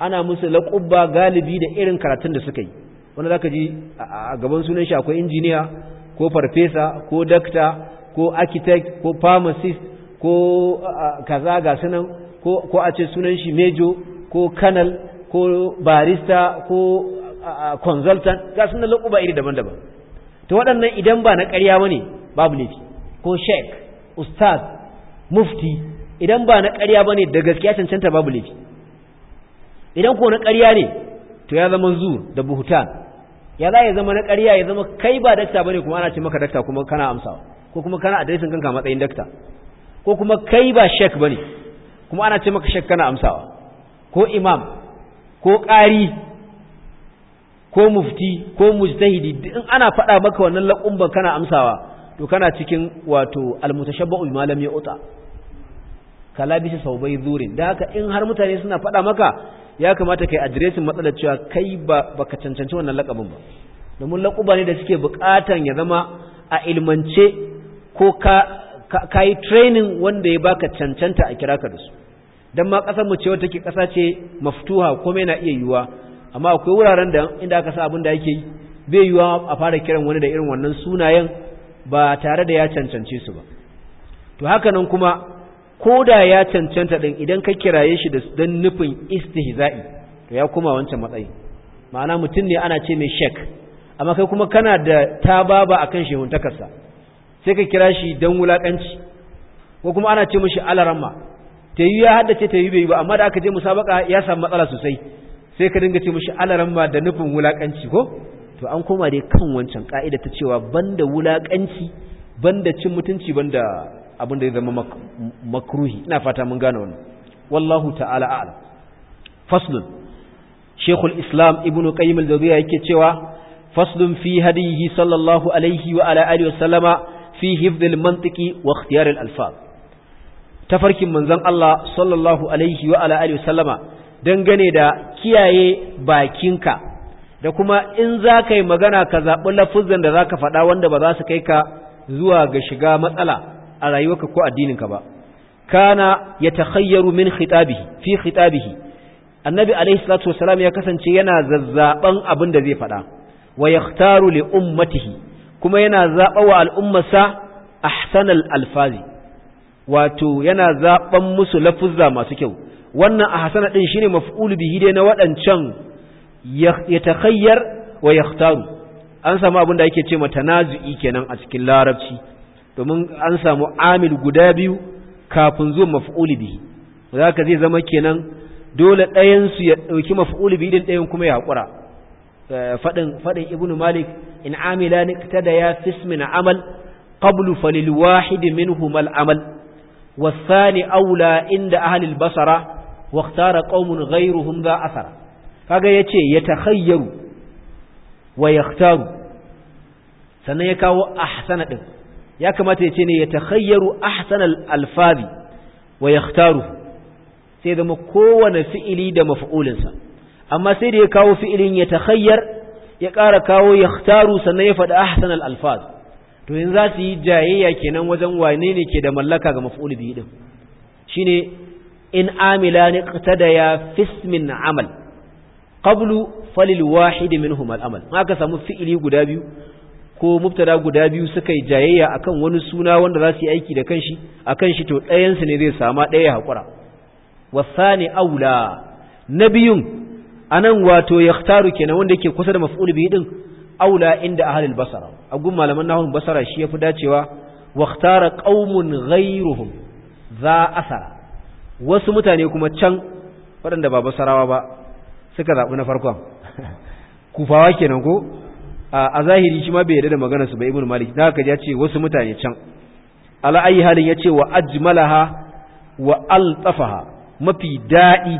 A: ana musu laƙuba galibi da irin karatun da suka yi wanda za ka ji a gaban sunan shi akwai injiniya ko farfesa ko dakta ko architect ko pharmacist ko kaza ga sunan ko a ce sunan shi mejo ko kanal ko barista ko consultant ga sunan laƙuba iri daban-daban ta waɗannan idan ba na ƙarya ba ne babu laifi ko sheik ustaz mufti idan ba na ƙarya ba ne da gaskiya cancanta babu laifi idan ko na ƙarya ne to ya zama zu da buhutan ya za ya zama na ƙarya ya zama kai ba dakta bane kuma ana ce maka dakta kuma kana amsawa ko kuma kana adresin kanka matsayin dakta ko kuma kai ba shek bane kuma ana ce maka shek kana amsawa ko imam ko ƙari ko mufti ko mujtahidi in ana faɗa maka wannan laƙumban kana amsawa to kana cikin wato almutashabbu bima lam yu'ta kala bisa zurin da haka in har mutane suna faɗa maka ya kamata kai adiresin matsalar cewa kai ba baka cancanci wannan lakabin ba domin lakuba ne da suke bukatan ya zama a ilmance ko ka yi training wanda ya baka cancanta a kiraka da su don ma kasar mu cewa take kasa ce maftuha komai yana iya yiwuwa amma akwai wuraren da inda aka sa abin da ake yi bai yiwuwa a fara kiran wani da irin wannan sunayen ba tare da ya cancance su ba to haka nan kuma ko da ya cancanta din idan ka kiraye shi don nufin istihza'i to ya kuma wancan matsayi ma'ana mutum ne ana ce mai shek amma kai kuma kana da tababa akan shehuntakarsa sai ka kira shi don wulaƙanci ko kuma ana ce mashi alaramma ta yi ya haddace ta yi bai ba amma da aka je musabaka ya samu matsala sosai sai ka dinga ce mashi alaramma da nufin wulaƙanci ko to an koma dai kan wancan ka'ida ta cewa banda wulaƙanci banda cin mutunci banda abin da ya zama makruhi ina fata mun gane wannan wallahu ta'ala a'lam faslun shekul islam ibnu qayyim al-jawziyya yake cewa faslun fi hadihi sallallahu alayhi wa ala alihi wa sallama fi hifdhil mantiqi wa ikhtiyar al-alfaz tafarkin manzon Allah sallallahu alayhi wa ala alihi wa sallama dangane da kiyaye bakinka da kuma in za ka yi magana ka zaɓi lafuzan da za ka faɗa wanda ba za su kai ka zuwa ga shiga matsala a rayuwarka ko addininka ba kana yatakhayyaru min khitabihi fi khitabihi annabi alaihi salatu wasalam ya kasance yana zazzaban abin da zai faɗa wa yakhtaru li ummatihi kuma yana zaɓa wa al'ummarsa ahsanal alfazi wato yana zaɓan musu lafuzza masu kyau wannan ahsana din shine maf'ul bihi dai na waɗancan yatakhayyar wa yakhtaru an samu abin da ake ce mata tanazu'i kenan a cikin larabci domin an samu amil guda biyu kafin zuwa maf'uli bihi za ka zai zama kenan dole ɗayan su ya ɗauki maf'uli bihi din ɗayan kuma ya haƙura eh, faɗin faɗin ibnu malik in amila ni ta da ya fismin amal qablu falil wahidi minhum al amal wasani aula inda ahli basara waktara ikhtara qaumun ghayruhum za asara kaga yace yatakhayyaru wa yakhtaru sannan ya kawo ahsana din ya kamata ya ce ne ya takhayyaru ahsanal alfazi wa yakhtaru sai zama kowane fi'ili da maf'ulinsa amma sai da ya kawo fi'ilin ya takhayyar ya ƙara kawo yakhtaru sannan ya faɗi ahsanal alfaz to yanzu za su yi jayayya kenan wajen wane ne ke da mallaka ga maf'ul bihi din shine in amila ni qtadaya fismin amal qablu falil wahid minhum al amal aka samu fi'ili guda biyu ko mubtada guda biyu suka yi jayayya akan wani suna wanda za su yi aiki da kanshi akan shi to ɗayansu ne zai sama ɗaya haƙura wasani aula na biyun anan wato taru kenan wanda yake kusa da maf'ul bihi din aula inda ahlul basara a gun malaman nahawun basara shi yafi dacewa wakhtara qaumun ghayruhum za asara wasu mutane kuma can waɗanda ba basarawa ba suka zaɓi na farkon kufawa kenan ko a zahiri shi ma bai yarda da maganar su ba ibnu malik da haka ya ce wasu mutane can ala ayi halin ya ce wa ajmalaha wa altafaha mafi dadi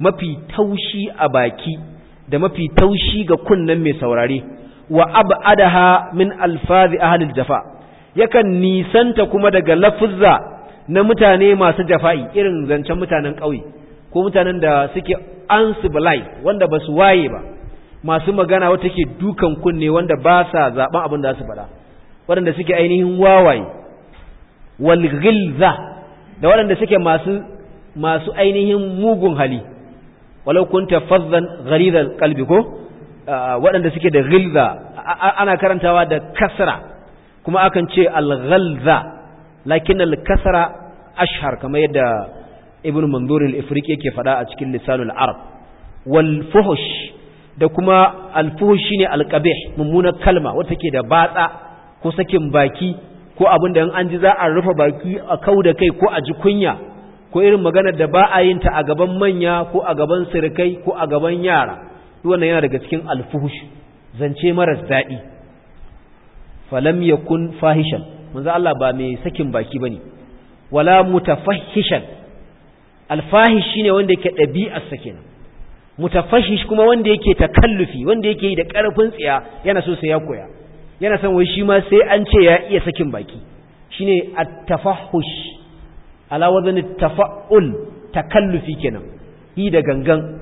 A: mafi taushi a baki da mafi taushi ga kunnen mai saurare wa ab'adaha min alfazi ahli jafa yakan nisanta kuma daga lafuzza na mutane masu jafa'i irin zancen mutanen ƙauye ko mutanen da suke unsubilized wanda basu waye ba masu magana wata ke dukan kunne wanda ba sa zaben abin da su faɗa waɗanda suke ainihin wawaye walghilza da waɗanda suke masu masu ainihin mugun hali walau kun tafazzan gharizal kalbi ko waɗanda suke da ghilza ana karantawa da kasra kuma akan ce alghalza lakin al-kasra ashhar kamar yadda ibn manzur al-ifriqi yake faɗa a cikin lisanul arab wal fuhush da kuma alfuhu shine alqabih mummunar kalma wata ke da batsa ko sakin baki ko abin da an ji za a rufe baki a kau da kai ko a ji kunya ko irin magana da ba a yin ta a gaban manya ko a gaban sirikai ko a gaban yara wannan yana daga cikin alfuhu zance maras daɗi falam yakun fahishan manzo Allah ba mai sakin baki bane wala mutafahishan alfahish shine wanda yake ɗabi'ar sa mutafashish kuma wanda yake takallufi wanda yake yi da ƙarfin tsiya yana so sai ya koya yana son wai shi ma sai an ce ya iya sakin baki shine at-tafahush ala wazni tafa'ul takallufi kenan yi da gangan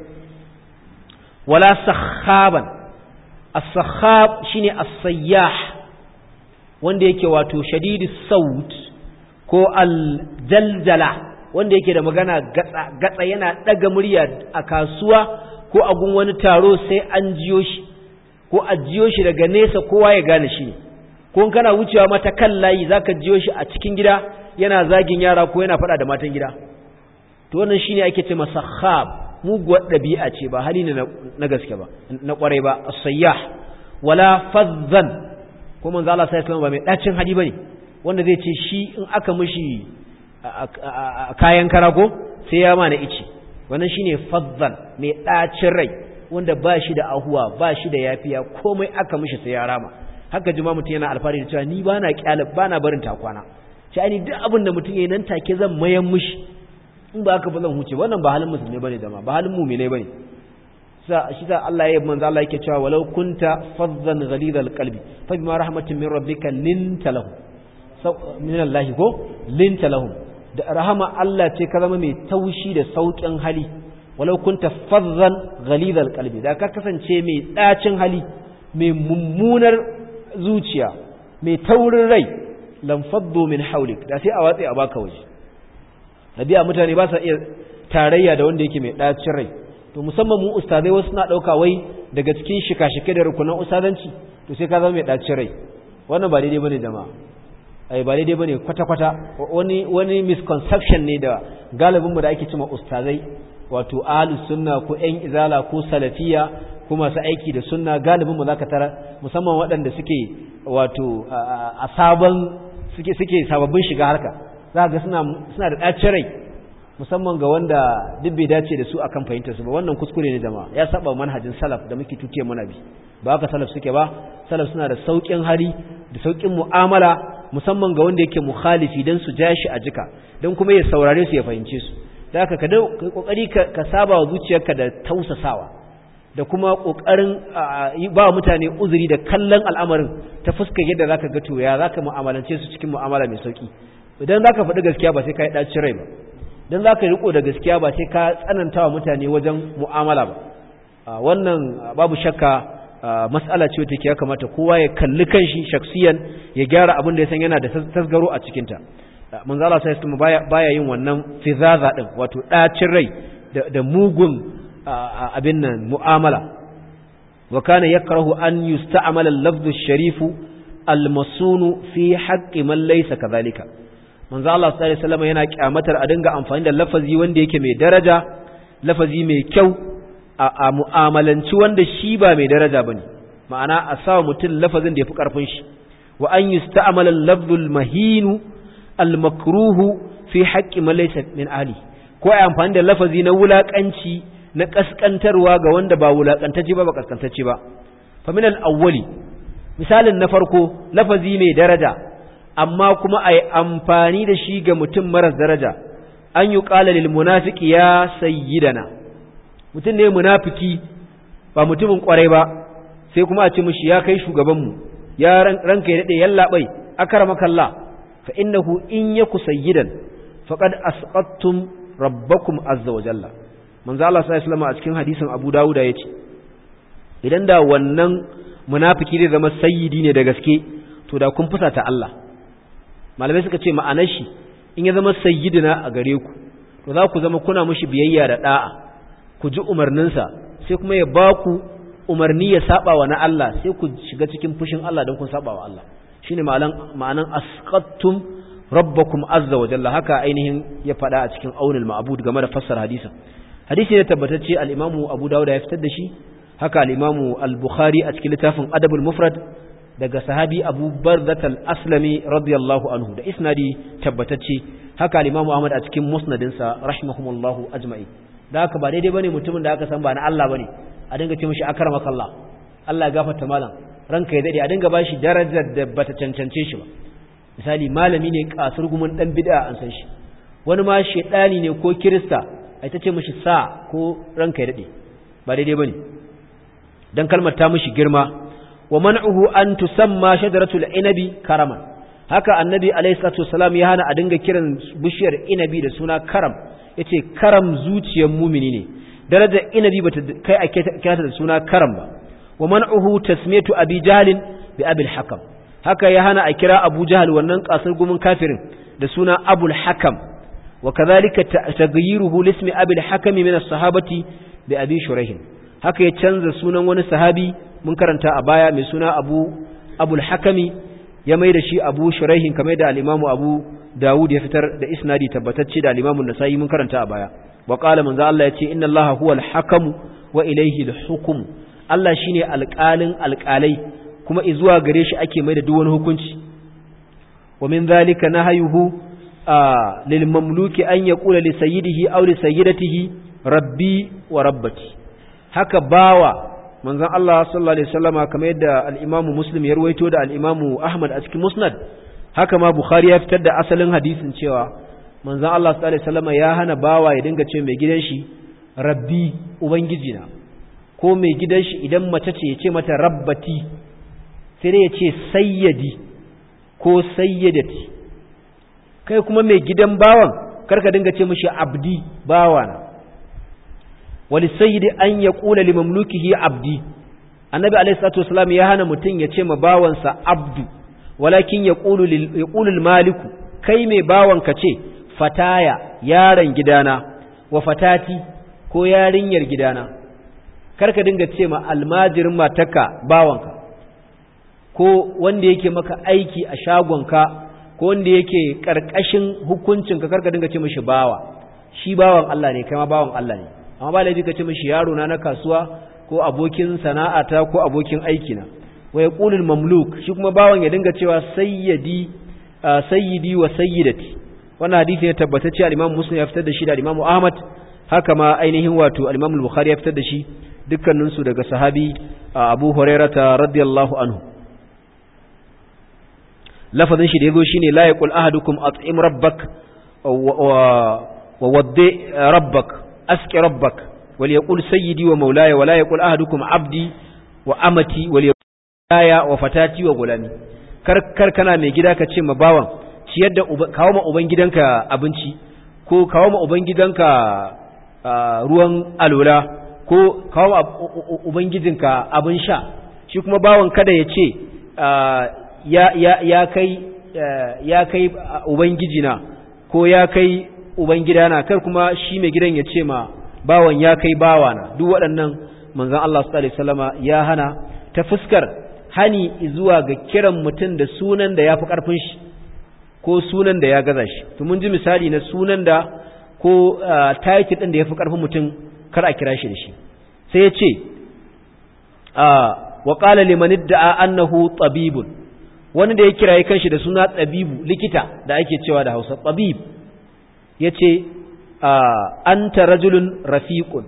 A: wala sahaban as-sahab shine as-sayyah wanda yake wato shadidus saut ko al-jaljala wanda yake da magana gatsa yana ɗaga murya a kasuwa ko a gun wani taro sai an jiyo shi ko a jiyo shi daga nesa kowa ya gane shi ko kana wucewa mata kan layi zaka jiyo shi a cikin gida yana zagin yara ko yana faɗa da matan gida to wannan shine ake ce sahab khab muguwar ɗabi'a ce ba hali ne na gaske ba na kwarai ba as-sayyah wala fazzan ko manzo Allah sai ba mai dacin hadi bane wanda zai ce shi in aka mishi kayan karago sai ya mana na ice wannan shine fazzan mai ɗacin rai wanda ba shi da ahuwa ba shi da yafiya komai aka mishi sai ya rama haka jima mutum yana alfahari da cewa ni bana kyalib bana barin takwana ce ani duk abin da mutum yi nan take zan mayan mishi in ba haka ba zan huce wannan ba halin musulmi bane dama ba halin mu'mine bane sa shi da Allah ya manzo Allah yake cewa walau kunta fazzan ghalidal qalbi fa bima rahmatin min rabbika linta lahum min Allah ko linta lahum da rahama Allah ce ka zama mai taushi da sauƙin hali walau kunta fazzan ghalidhal qalbi da ka kasance mai ɗacin hali mai mummunar zuciya mai taurin rai lam faddu min hawlik da sai a watsi a baka waje nabiya mutane ba sa iya tarayya da wanda yake mai ɗacin rai to musamman mu ustazai wasu na ɗauka wai daga cikin shika-shike da rukunan ustazanci to sai ka zama mai ɗacin rai wannan ba daidai bane jama'a ba daidai bane kwata-kwata wani wani misconception ne da galibinmu da ake cewa ustazai wato ahlus sunna ko yan izala ko salafiya ko masu aiki da sunna galibinmu zaka tara musamman waɗanda suke wato a sabon suke sababbin shiga harka za ga suna suna da ɗaci rai musamman ga wanda duk bai dace da su akan fahimtar su ba wannan kuskure ne jama'a ya saba manhajin salaf da muke tuke muna bi ba haka salaf suke ba salaf suna da sauƙin hari da sauƙin mu'amala musamman ga wanda yake mukhalifi dan su ja shi a jika dan kuma ya saurare su ya fahimce su dan haka ka kokari ka saba wa zuciyarka da tausasawa da kuma kokarin ba mutane uzuri da kallon al'amarin ta fuskar yadda zaka ga to ya zaka mu'amalance su cikin mu'amala mai sauki idan zaka faɗi gaskiya ba sai ka yi daci rai ba idan zaka riko da gaskiya ba sai ka tsananta wa mutane wajen mu'amala ba wannan babu shakka mas'ala ce take ya kamata kowa ya kalli kanshi shaksiyan ya gyara abin da ya san yana da tasgaro a cikin ta manzo Allah sai kuma baya baya yin wannan fizaza din wato dacin rai da mugun abin nan mu'amala wa kana yakrahu an yusta'mala al-lafdhu sharifu al-masunu fi haqqi man laysa kadhalika manzo Allah sallallahu alaihi wasallam yana kyamatar a dinga amfani da lafazi wanda yake mai daraja lafazi mai kyau a mu'amalanci wanda shi ba mai daraja ba ne, ma'ana a sa mutum lafazin da ya fi ƙarfin shi wa an yusta'mal al-lafzul mahinu al-makruhu fi haqqi man min ali, ko yi amfani da lafazi na wulaƙanci na ƙasƙantarwa ga wanda ba wulakantacce ba ba kaskantacce ba fa min al misalin na farko lafazi mai daraja amma kuma yi amfani da shi ga mutum maras daraja an yi qala lil munafiqi ya sayyidana mutum ne munafiki ba mutumin kwarai ba sai kuma a ce mushi ya kai shugabanmu ya ranka ya daɗe yallaɓai akramakallah fa innahu in yaku sayyidan faqad asqattum rabbakum azza wa jalla manzo Allah sallallahu alaihi wasallam a cikin hadisin Abu Dawud ya ce idan da wannan munafiki zai zama sayyidi ne da gaske to da kun ta Allah malamai suka ce ma'anar shi in ya zama sayyidina a gare ku to za ku zama kuna mushi biyayya da da'a ku ji umarninsa sai kuma ya ba ku umarni ya saba wa na Allah sai ku shiga cikin fushin Allah don kun saba wa Allah shine ma'anan ma'anan asqattum rabbakum azza wa jalla haka ainihin ya faɗa a cikin aunul ma'bud game da fassar hadisin hadisi ne tabbatacce al Abu Dawud ya fitar da shi haka al al-Bukhari a cikin littafin Adabul Mufrad daga sahabi abu barzatal aslami radiyallahu anhu da isnadi tabbatacce haka limamu ahmad a cikin musnadinsa rahimahumullahu ajma'i da haka ba daidai bane mutumin da aka san ba na Allah bane a dinga ce mishi akrama kallah Allah ya gafarta malam ranka ya dade a dinga bashi darajar da bata cancance shi ba misali malami ne kasar gumin dan bid'a an san shi wani ma shedani ne ko kirista ai ta ce mishi sa ko ranka ya dade ba daidai bane dan kalmar ta mishi girma wa man'uhu an tusamma shajaratul inabi karama? haka annabi alayhi salatu wassalam ya hana a dinga kiran bishiyar inabi da suna karam Ya ce karam zuciyar mumini ne daraja inabi bata kai a kira da suna karam ba wa man'uhu tasmiyatu abi jahalin bi abin hakam haka ya hana a kira abu jahal wannan kasar gumin kafirin da suna abul hakam wa kazalika taghyiruhu lismi abul abin min as-sahabati bi abin shuraihin haka ya canza sunan wani sahabi mun karanta a baya mai suna abu abul hakami ya mai da shi abu shuraihin kamar da al'imamu abu Dawud ya fitar da isnadi tabbatacce da Imam nasai mun karanta a baya wa qala manzo Allah yace inna Allah huwal hakamu wa ilayhi al-hukm Allah shine alƙalin alƙalai kuma izuwa gare shi ake mai da duk wani hukunci wa min zalika nahayuhu lil mamluki an yaqula li sayyidihi aw li sayyidatihi rabbi wa rabbati haka bawa manzon Allah sallallahu alaihi wasallama kamar yadda al-Imam Muslim ya ruwaito da al Ahmad a cikin Musnad haka ma bukhari ya fitar da asalin hadisin cewa manzon Allah sallallahu alaihi wasallam ya hana bawa ya dinga ce mai gidan shi rabbi ubangiji na ko mai gidan shi idan mace ce ya ce mata rabbati sai dai ya ce sayyadi ko sayyadati kai kuma mai gidan bawan karka dinga ce mishi abdi bawana wani sayyidi an ya kula limamlukihi abdi annabi alaihi salatu wasallam ya hana mutum ya ce ma bawansa abdu walakin ya yaqulu maliku kai mai bawan ka ce fataya yaron gidana wa fatati ko yarinyar gidana karka dinga ce ma almajirin matarka bawanka ko wanda yake maka aiki a shagonka ko wanda yake karkashin hukuncinka karka dinga ce mishi bawa shi bawan Allah ne kai ma bawan Allah ne amma ba laifi ka ce mishi yaro na na kasuwa ko abokin sana'ata ko abokin aikina wa yaqulul mamluk shi kuma bawan ya dinga cewa sayyidi sayyidi wa sayyidati wannan hadisi ne tabbatacce al-Imam Muslim ya fitar da shi da al-Imam haka ma ainihin wato al-Imam Bukhari ya fitar da shi dukkaninsu daga sahabi a Abu Hurairah radiyallahu anhu lafazin shi da yazo shine la yaqul ahadukum at'im rabbak wa wadde rabbak aski rabbak wal yaqul sayyidi wa maulaye wa la yaqul ahadukum abdi wa amati wal aya wa fatati wa gulami kar kar kana mai gida ka ce ma bawan ciyar da kawo ma uban gidanka abinci ko kawo ma uban gidanka ruwan alola ko kawo ma uban gidanka abin sha shi kuma bawan kada ya ce ya ya kai ubangiji na ko ya kai na kar kuma shi mai gidan ya ce ma bawan ya kai na duk waɗannan manzon Allah sallallahu alaihi ya hana ta fuskar hani zuwa ga kiran mutum da sunan da ya fi ƙarfin shi ko sunan da ya gaza shi to mun ji misali na sunan da ko title ɗin da ya fi ƙarfin mutum kar a kira shi da shi sai ya ce wa ƙala liman da'a annahu tabibun wani da ya kiraye kanshi da suna tabibu likita da ake cewa da Hausa tabib yace anta rajulun rafiqun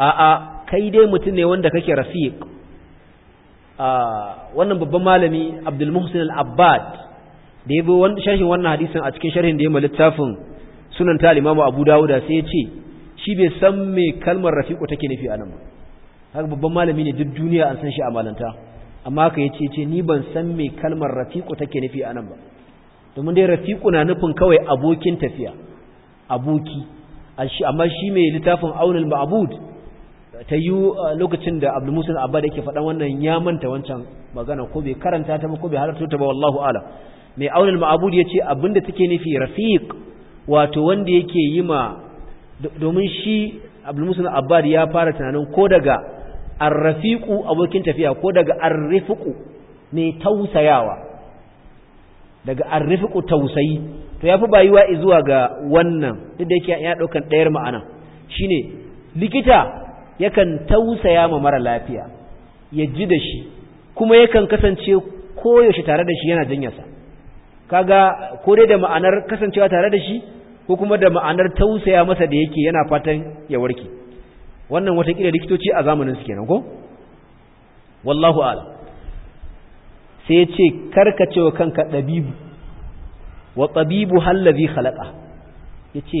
A: a'a kai dai mutum ne wanda kake rafiq Ah, wannan babban malami Abdul Muhsin Al-Abbad da ya bi sharhin wannan hadisin a cikin sharhin da ya littafin sunan ta Imam Abu Dawuda sai ya ce shi bai san me kalmar rafiqu take nufi a nan ba haka babban malami ne duk duniya an san shi a malanta amma haka yace ce ni ban san me kalmar rafiqu take nufi a nan ba domin dai rafiqu na nufin kawai abokin tafiya aboki amma shi mai littafin aunul ma'bud ta yi uh, lokacin da abu musul abba da ke faɗa wannan ya manta wancan magana ko bai karanta ta ba ko bai halarta ta ba wallahu ala mai aunin ma'abud ya ce abinda take nufi rafiq wato wanda yake yi ma domin shi abu musul abba ya fara tunanin ko daga arrafiqu abokin tafiya ko daga arrifiqu mai tausayawa daga arrifiqu tausayi to yafi bayuwa zuwa ga wannan duk da yake ya daukan ɗayar ma'ana shine likita yakan tausaya ma mara lafiya ya ji da shi kuma yakan kasance koyaushe tare da shi yana janyarsa kaga ko dai da ma'anar kasancewa tare da shi ko kuma da ma'anar tausaya masa da yake yana fatan ya warke wannan watakila likitoci a zamanin su kenan ko wallahu a'lam sai ya ce wa kanka dabibu wa tabibu hallazi khalaqa yace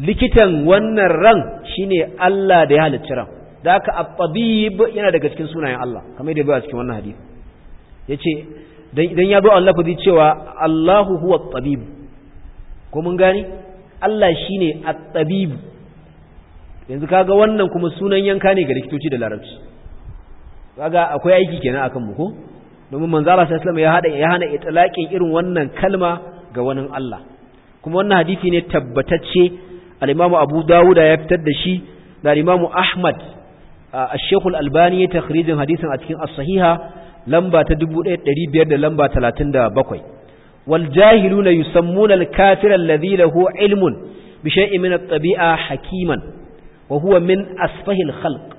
A: likitan wannan ran shine Allah da ya halicci ran da aka abbabib yana daga cikin sunayen Allah kamar yadda ya cikin wannan hadisi yace dan idan ya zo Allah fadi cewa Allahu huwa at-tabib ko mun gani Allah shine at-tabib yanzu kaga wannan kuma sunan yanka ne ga likitoci da larabci kaga akwai aiki kenan akan mu ko domin manzo Allah sallallahu alaihi wasallam ya hana itlaqin irin wannan kalma ga wani Allah kuma wannan hadisi ne tabbatacce al abu dawuda ya fitar da shi da ahmad a sheikh albani ya takhrijin hadisin a cikin Asahiha lamba ta 1500 da lamba 37 wal jahiluna yusammuna al-kafira alladhi lahu ilmun bi shay'in min at-tabi'a hakiman wa huwa min asfahil al-khalq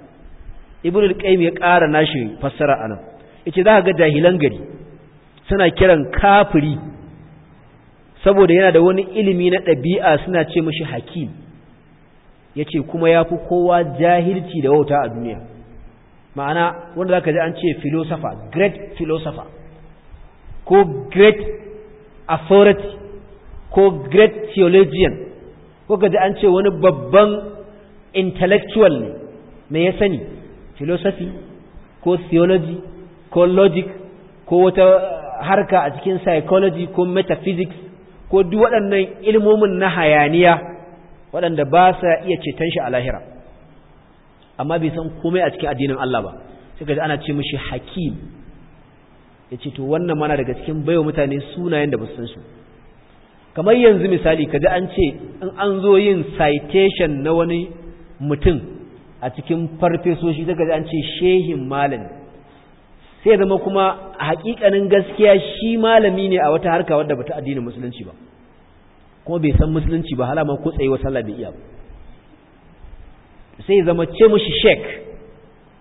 A: ibn ya ƙara nashi fassara anan Ita za ka ga jahilan gari suna kiran kafiri saboda yana da wani ilimi na ɗabi'a suna ce mashi hakim ya ce kuma ya fi kowa jahilci da wauta a duniya ma'ana wanda za ka ji an ce philosopher great philosopher ko great authority ko great theologian ko ka ji an ce wani babban intellectual ne ya sani philosophy ko theology ko logic ko wata harka a cikin psychology ko metaphysics ko duk waɗannan ilmomin na hayaniya waɗanda ba sa iya ceton shi a lahira amma bai san komai a cikin addinin Allah ba sai ka ana ce mishi hakim ya ce to wannan mana daga cikin baiwa mutane sunayen da ba san su kamar yanzu misali kaji an ce in an zo yin citation na wani mutum a cikin farfesoshi daga an ce shehin malami sai zama kuma a hakikanin gaskiya shi malami ne a wata harka wadda bata addinin musulunci ba kuma bai san musulunci ba halama ko tsayewa sallah bai iya ba sai zama ce mushi shek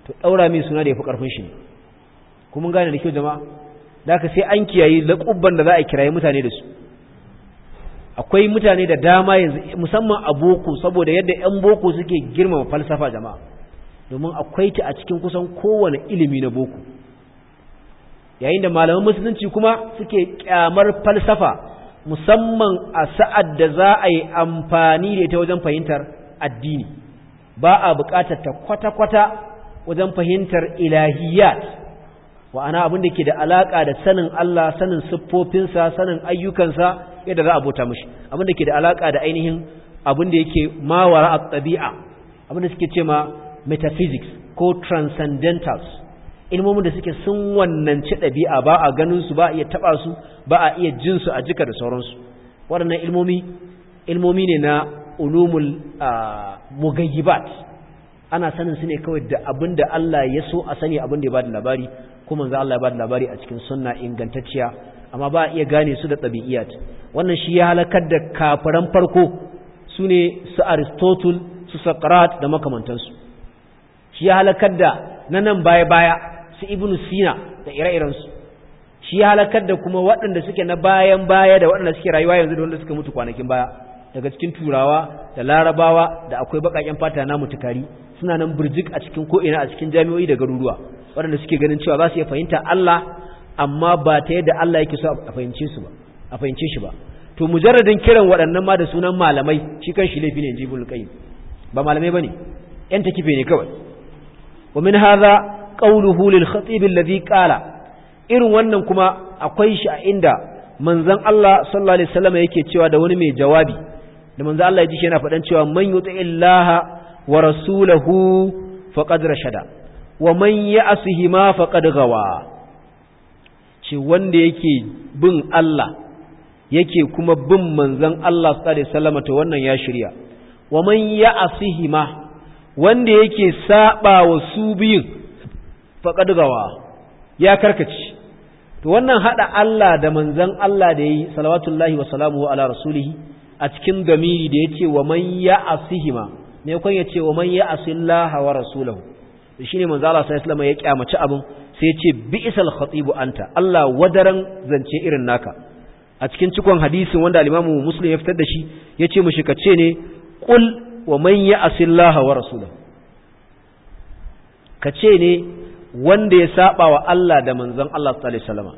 A: to daura min suna da yafi karfin shi ne kuma gane da kyau jama'a da ka sai an kiyaye laƙubban da za a kiraye mutane da su akwai mutane da dama yanzu musamman a boko saboda yadda 'yan boko suke girmama falsafa jama'a domin akwai ta a cikin kusan kowane ilimi na boko yayin da malaman musulunci kuma suke kyamar falsafa musamman a sa'ad da za a yi amfani da ita wajen fahimtar addini ba a buƙatar ta kwata-kwata wajen fahimtar ilahiyat wa'ana abin da ke da alaƙa da sanin Allah sanin siffofinsa sanin ayyukansa yadda za a bota mashi abin da ke da alaƙa da ainihin abin da yake mawara a ɗabi'a abin da suke ce ma metaphysics ko transcendentals ilmomin da suke sun wannanci ɗabi'a ba a ganin ba a iya taɓa su ba a iya jin su a jika da sauransu waɗannan ilmomi ilmomi ne na ulumul mugayyibat ana sanin su ne kawai da abin da Allah ya so a sani abin da ya ba da labari kuma manzo Allah ya ba da labari a cikin sunna ingantacciya amma ba a iya gane su da ɗabi'iyat wannan shi ya halakar da kafiran farko su ne su aristotle su saqrat da makamantansu shi ya halakar da na nan baya-baya su ibnu sina da ire-irensu shi halakar da kuma waɗanda suke na bayan baya da waɗanda suke rayuwa yanzu da wanda suka mutu kwanakin baya daga cikin turawa da larabawa da akwai baƙaƙen fata na mutukari suna nan burjik a cikin ko'ina a cikin jami'o'i da garuruwa waɗanda suke ganin cewa za su iya fahimta Allah amma ba ta yadda Allah yake so a fahimce su ba a fahimce shi ba to mujarradin kiran waɗannan ma da sunan malamai shi kan shi laifi ne in ji ibn ba malamai bane yan takife ne kawai wa min hadha qawluhu lil khatib alladhi qala irin wannan kuma akwai shi a inda manzon Allah sallallahu alaihi wasallam yake cewa da wani mai jawabi da manzon Allah ya ji shi yana faɗan cewa man yuti illaha wa rasulahu faqad rashada wa man ya'sihi ma faqad gawa ce wanda yake bin Allah yake kuma bin manzon Allah sallallahu alaihi wasallam to wannan ya shirya wa man ya'sihi ma wanda yake saba wa su biyun faqad ya karkaci to wannan haɗa Allah da manzan Allah da ya yayi salawatullahi wa wa ala rasulihi a cikin gamiri da ya ce wa man asihima ne ya yace wa man ya'asillaha wa rasulahu ne manzo Allah sallallahu alaihi ya kyamaci abin sai ya ce isal khatibu anta Allah wadaran zance irin naka a cikin cikon hadisin wanda alimamu imam Muslim ya fitar da shi ya yace mushikace ne kul wa man ya'sillaha wa rasulahu ce ne wanda ya saba wa Allah da manzon Allah sallallahu alaihi wasallam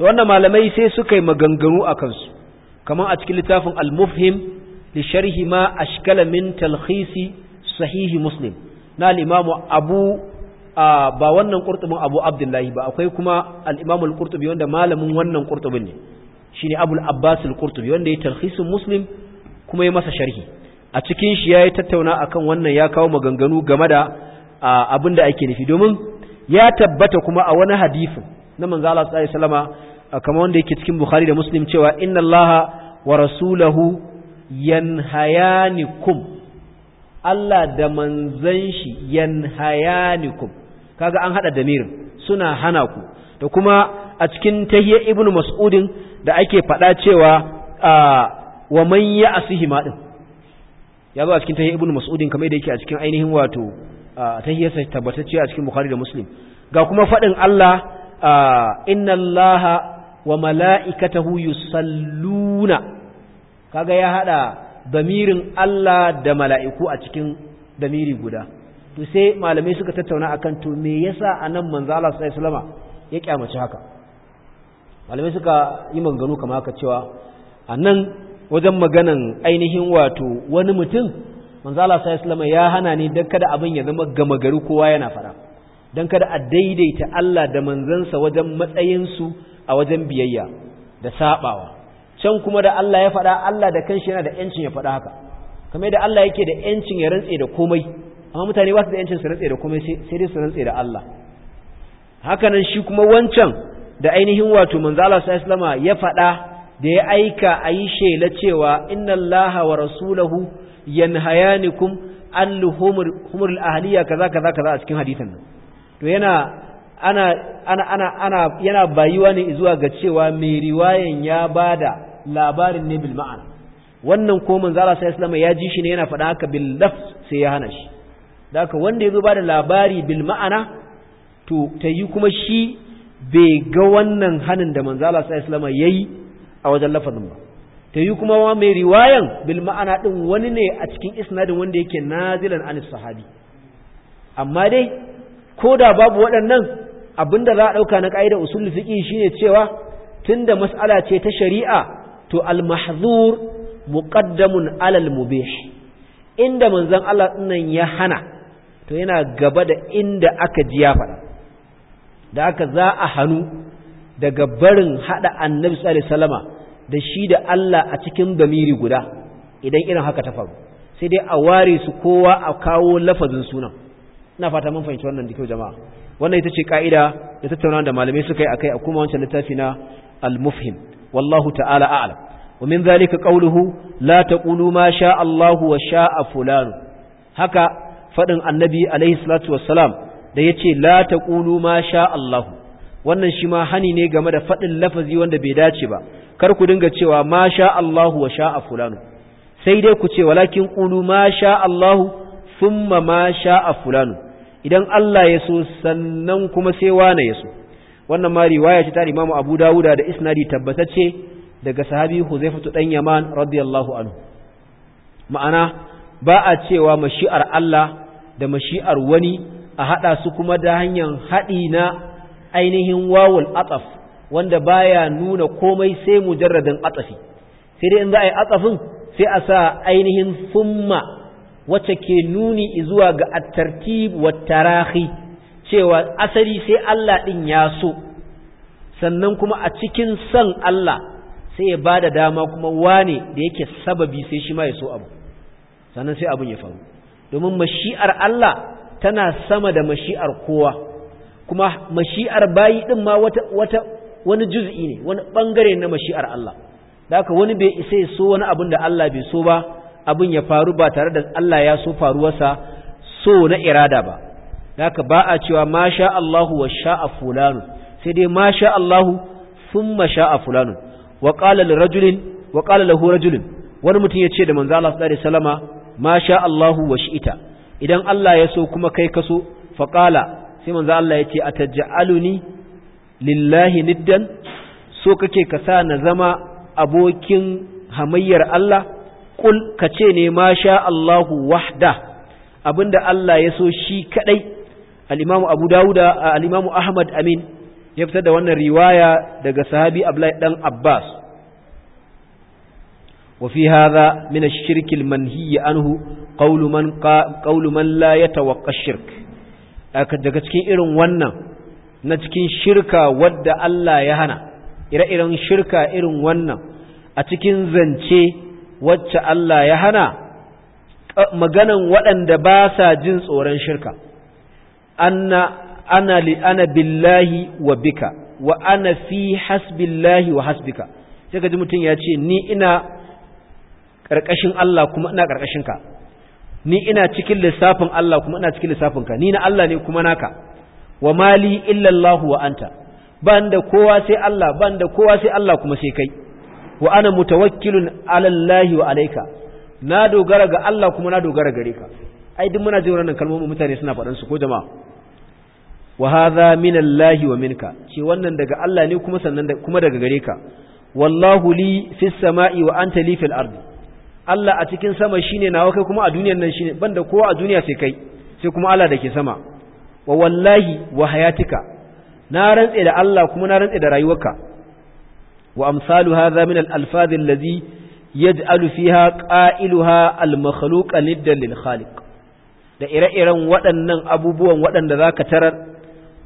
A: to wannan malamai sai suka yi maganganu a kansu kamar a cikin littafin al-mufhim li sharhi ma ashkala min talkhisi sahihi muslim na al-imamu abu ba wannan qurtubin abu abdullahi ba akwai kuma al-imamu al-qurtubi wanda malamin wannan qurtubin ne shine abul abbas al-qurtubi wanda ya talkhisin muslim kuma ya masa sharhi a cikin shi yayi tattauna akan wannan ya kawo maganganu game da abin da ake nufi domin ya tabbata kuma a wani hadisi na manzo Allah sallallahu alaihi wasallama kamar wanda yake cikin Bukhari da Muslim cewa inna Allah wa rasuluhu yanhayanikum Allah da manzon shi yanhayanikum kaga an hada damirin suna hana ku da kuma a cikin tahiyya ibnu mas'udin da ake fada cewa wa man ya'sihi ma din ya zo a cikin tahiyya ibnu mas'udin kamar da yake a cikin ainihin wato ta yasa tabbatacce a cikin bukhari da muslim ga kuma faɗin Allah inna allaha wa huyu salluna kaga ya haɗa damirin Allah da mala'iku a cikin damiri guda to sai malamai suka tattauna akan to me yasa anan manzo Allah sallallahu alaihi salama ya kyamaci haka malamai suka yi manganu kama haka cewa a nan wajen maganan ainihin wato wani mutum manzo Allah sallallahu alaihi ya hana ni dan kada abin ya zama gama gari kowa yana fara dan kada a daidaita Allah da manzansa wajen matsayin su a wajen biyayya da sabawa can kuma da Allah ya faɗa Allah da kanshi yana da yancin ya faɗa haka kamar da Allah yake da yancin ya rantse da komai amma mutane ba su da yancin su rantse da komai sai dai su rantse da Allah hakanan shi kuma wancan da ainihin wato manzo Allah sallallahu alaihi ya faɗa da ya aika a yi shela cewa inna allaha wa rasulahu yanhayanikum an humur al ahliya kaza kaza kaza a cikin hadisin nan to yana ana ana ana ana yana bayuwa ne zuwa ga cewa mai riwayan ya bada labarin ne bil ma'ana wannan ko manzo Allah sai sallama ya ji shi ne yana faɗa haka bil laf sai ya hana shi da haka wanda ya zo bada labari bil ma'ana to tayi kuma shi bai ga wannan hanin da manzo Allah sai sallama yayi a wajen lafazin ba ta yi kuma wa mai riwayan bil ma'ana din wani ne a cikin isnadin wanda yake nazilan an sahabi amma dai ko da babu waɗannan abinda za a ɗauka na ƙa'idar usul fiƙi shine cewa tunda mas'ala ce ta shari'a to al-mahzur muqaddamun alal mubih inda manzon Allah nan ya hana to yana gaba da inda aka ji ya da aka za a hanu daga barin hada annabi sallallahu alaihi wasallama da shi da Allah a cikin damiri guda idan irin haka ta faru sai dai a ware su kowa a kawo lafazin sunan ina fata mun fahimci wannan da jama'a wannan ita ce ka'ida da tattauna da malamai suka yi akai a kuma wancan littafi na al-mufhim wallahu ta'ala a'lam wa min zalika qawluhu la taqulu ma sha Allah wa sha'a fulan haka fadin annabi alaihi salatu wassalam da yace la taqulu ma sha Allah wannan shi ma hani ne game da fadin lafazi wanda bai dace ba kar ku dinga cewa ma sha Allahu wa sha a fulanu sai dai ku ce walakin qulu ma sha Allahu thumma ma a fulanu idan Allah ya so sannan kuma sai wane ya so wannan ma riwaya ce ta Imam Abu Dawuda da isnadi tabbatacce daga sahabi Huzaifatu dan Yaman radiyallahu anhu ma'ana ba a cewa mashi'ar Allah da mashi'ar wani a haɗa su kuma da hanyar haɗi na ainihin wawul ataf wanda baya nuna komai sai mujarradin atsafi, sai dai in za a yi atsafin sai a sa ainihin summa wacce ke nuni zuwa ga at-tartib wat tarahi cewa asali sai Allah din ya so sannan kuma a cikin son Allah sai ya bada dama kuma wane da yake sababi sai shi ma ya so abu sannan sai abun ya faru domin mashi'ar Allah tana sama da mashi'ar kowa kuma mashi'ar bayi din ma wata wata wani juz'i ne wani bangare na mashi'ar Allah da haka wani bai isa ya so wani abin da Allah bai so ba abin ya faru ba tare da Allah ya so faruwarsa so na irada ba da haka ba a cewa ma sha Allahu wa fulanu sai dai ma sha Allahu thumma sha'a fulanu wa rajulin wa lahu rajulin wani mutum ya ce da manzo Allah sallallahu Salama ma sha Allahu wa idan Allah ya so kuma kai ka so ƙala, sai manzo Allah ya ce ataj'aluni lillahi niddan so kake ka sa na zama abokin hamayyar Allah kul ka ce ne ma sha Allahu wahda abinda Allah ya so shi kadai al-Imam Abu Dawuda al Ahmad Amin ya fitar da wannan riwaya daga sahabi Abdullahi dan Abbas wa fi hadha min ash-shirk al anhu qawlu man qawlu man la yatawaqqa ash-shirk daga cikin irin wannan na cikin shirka wadda Allah ya hana ire-iren shirka irin wannan a cikin zance wacce Allah ya hana maganan waɗanda ba sa jin tsoron shirka anna ana li ana billahi wa bika wa ana fi hasbillahi wa hasbika sai ka ji mutum ya ce ni ina ƙarƙashin Allah kuma ina ƙarƙashin ka ni ina cikin lissafin Allah kuma ina cikin lissafin ka ni na Allah ne kuma naka wa mali illallahu Allah wa anta ban da kowa sai Allah ban da kowa sai Allah kuma sai kai wa ana mutawakkilun ala wa alaika na dogara ga Allah kuma na dogara gare ka ai duk muna jin wannan kalmomin mutane suna faɗan su ko jama'a wa hadha min Allah wa minka ce wannan daga Allah ne kuma sannan kuma daga gare ka wallahu li fis sama'i wa anta li fil ardi Allah a cikin sama shine nawa kai kuma a duniyar nan shine banda kowa a duniya sai kai sai kuma Allah da ke sama wa wallahi wa hayatika na rantse da Allah kuma na rantse da rayuwarka wa amsalu hadha min al-alfaz allazi yaj'alu fiha qa'iluha al-makhluq niddan lil khaliq da ire-iren waɗannan abubuwan waɗanda zaka tarar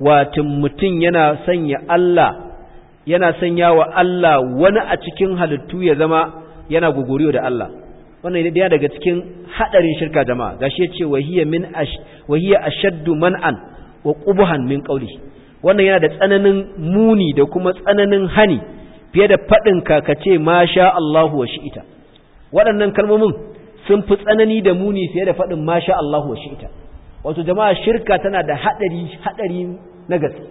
A: watin mutum yana sanya Allah yana sanya wa Allah wani a cikin halittu ya zama yana gogoriyo da Allah wannan daya daga cikin hadarin shirka jama'a gashi yace wahiya min ash wahiya ashaddu man'an wa qubhan min qawli wannan yana da tsananin muni da kuma tsananin hani fiye da fadin kakace masha Allahu wa shi'ita waɗannan kalmomin sun fi tsanani da muni fiye da fadin masha Allahu wa shi'ita wato jama'a shirka tana da hadari hadari na gaske